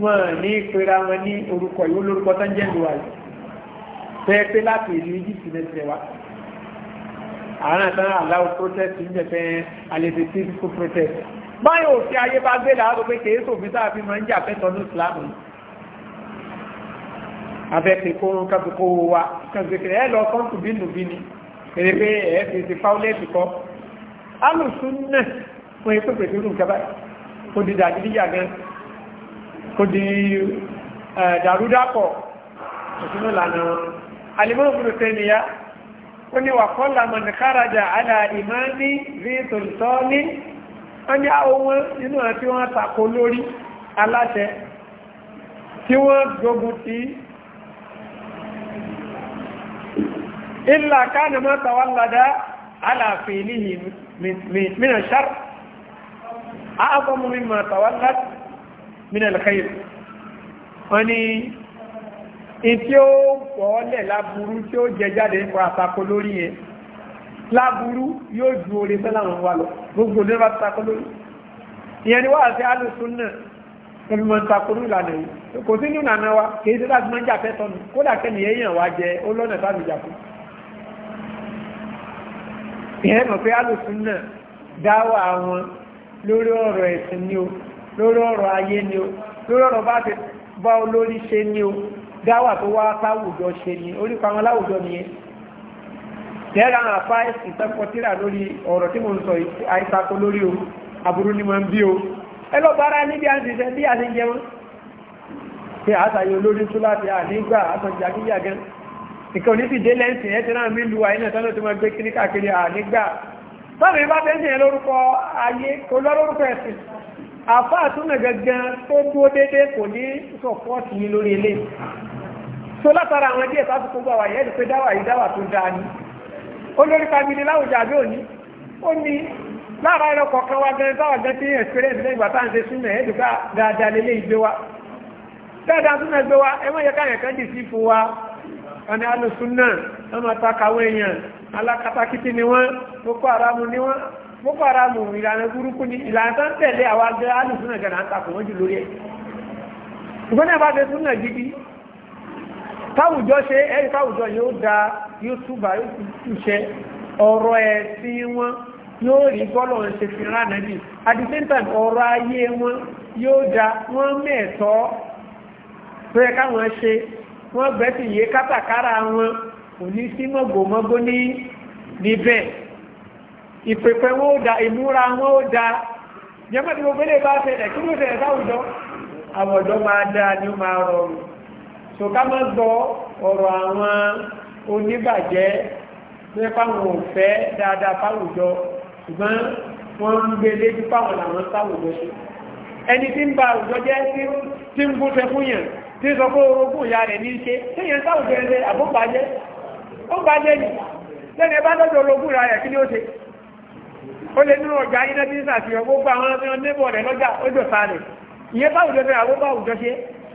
wọ́n ní pera wọn ní orúkọ yìí olórúkọ tó ń jẹ́ ìlúwà yìí fẹ́ pé láti ìlú egypt mẹ́tẹ̀ẹ̀ wa àwọn àtàn aláwọ̀ protest ń jẹ́ fẹ́ àlejò tí kò protest báyìí òfin ayé bá gbé làwọn pé kèé sòfin tá a fi máa ń jà fẹ́ tọ́nu islam abẹ́pẹ́ kó ń kábi kó wa kàǹkẹ́kẹ́ ẹ lọ kọ́ńtù bínú bíní kèrè pé ẹ fi ti fáwọlẹ́ẹ̀tì kọ́ alùsùn náà wọ́n yẹ pé pẹ̀lú nǹkan báyìí kò dìdà gidi yà gan kò di dàrúdàpọ̀ òsínú lànà wọn alìmọ́ òfin tẹ́niyà ó ní wà kọ́ làmọ̀ ní kárajà alà ìmá ní rí tòlùtọ́ ní wọ́n ní àwọn inú àti wọ́n tako lórí aláṣẹ tí wọ́n gbógun ti ìlà kánà mọ́ tàwàlàdá aláàfin níhìn mìíràn ṣar ààbọ̀mù mímọ̀ minal khair wọ́n ní in tí ó pọ̀ọ́lẹ̀ láburú tí ó jẹ jáde ń pọ̀ àtakò lórí yẹn láburú yóò ju orí sẹ́láwọn wà lọ gbogbo ní bá takò lórí ìyẹn ni wáhà sí alùsùn náà ẹbí mọ́ takò ní ìlànà yìí kò sí ní ìlànà wa kìí sí láti máa ń jàfẹ́ tọ́nu kódà kẹ́ni èèyàn wá jẹ olónà tàbí jàfẹ́ ìyẹn mọ̀ pé alùsùn náà dáwà àwọn lórí ọ̀rọ̀ ẹ̀sìn ni o lórí ọ̀rọ̀ ayé ni o lórí ọ̀rọ̀ bá ti bá olórí ni o dáwà tó wá láwùjọ ṣe ni orípa wọn láwùjọ nìyẹn tẹ́ra àwọn afá ẹ̀sìn tẹ́kọ̀ tíra lórí ọ̀rọ̀ tí mo ń sọ àìsàkó lórí o aburú ni mo ń bí o ẹ lọ bára níbi àṣìṣẹ́ bí àṣì jẹun pé àṣàyàn olórí tó láti ànígbà àtọ̀jà kíyà gan nǹkan oníṣì dé lẹ́ǹsì lu àyínà tọ́nà tó máa gbé tọ́nà ìbá lórúkọ ayé kò ẹ̀sìn àfá àtúnà gangan tó dúó dédé kò ní sọ̀pọ́ọ̀tì yìí lórí ilé so látara àwọn díẹ̀ sáà tó gbà wáyé ẹ̀dì pé dáwà yìí dáwà tó dáa ni olórí kamini láwùjọ àbí òní ó ní lára ẹ̀rọ kọ̀ọ̀kan wa gan táwà gan tí experience wa dáadáa wa ẹ mọ̀ yẹ kan wa ẹni alùsùn náà ẹ mọ̀ ta boko haram ìlànà burúkú ni ìlànà tó ń tẹ̀lé àwọn agbẹ́ alùsùnà gẹ̀rẹ́ à ń takò wọ́n jù lórí ẹ̀ ṣùgbọ́n ní àbáfẹ́ súnà gidi táwùjọ ṣe ẹ̀rí táwùjọ yóò da yóò túbà yóò túṣẹ ọ̀rọ̀ ẹ̀ sí wọn yóò rí bọ́lọ̀ ṣe fi rán nàbì at the same time ọ̀rọ̀ ayé wọn yóò da wọ́n mẹ́ẹ̀tọ́ tó yẹ káwọn ṣe wọ́n gbẹ́sì yé kátàkárà wọn kò sí mọ́gbòmọ́gbó ní níbẹ̀ ìpèpè wọn ó da ìmúra wọn ó da jẹ́mọ́ tí gbogbo bá ṣẹlẹ̀ kí ló máa ni o máa rọrùn so ká má gbọ́ ọ̀rọ̀ àwọn oníbàjẹ́ pé fáwọn ò dáadáa fáwùjọ ṣùgbọ́n wọ́n ń gbé léjú fáwọn làwọn sáwùjọ ṣe ẹni tí ń ba àwùjọ jẹ́ tí ń fún yàn tí sọ pé orogún ìyá rẹ̀ ní í ṣe sáwùjọ àbúgbàjẹ́ ó gbàjẹ́ ó lè nínú ọjà ayílẹ́ bí sàfihàn gbogbo àwọn ọmọ níbọ̀ rẹ̀ lọ́jà ọjọ́ sáré ìyẹn báwùjọ fẹ́ àwọn báwùjọ ṣe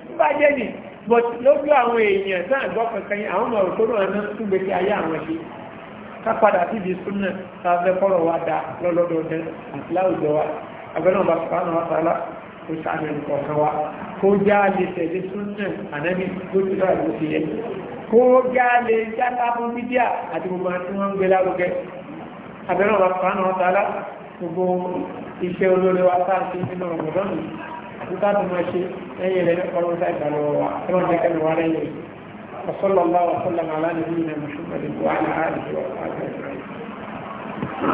ń bá jẹ́ nì but lójú àwọn èèyàn náà gbọ́ kankan yẹn àwọn ọmọ òkúrò àná túgbé sí ayé àwọn ṣe ká padà sí ibi súnà sáfẹ́ kọ́rọ̀ wa dá lọ́lọ́dọọdẹ àti láwùjọ wa abẹ́nà bá sùpánà wa sálá kó sáré nǹkan wa kó já lè tẹ̀lé súnà ànábi tó ti rà ló ti abẹ́rẹ́ wa fàánà ọ̀tàlá gbogbo iṣẹ́ olóore wa tá à ń ṣe nínú ọ̀gbọ̀dọ́nù àtúntà tó máa ṣe lẹ́yìn rẹ̀ ọ̀rọ̀ tá ìgbàlọ́ wa ẹ̀rọ ìgbàlọ́ wa lẹ́yìn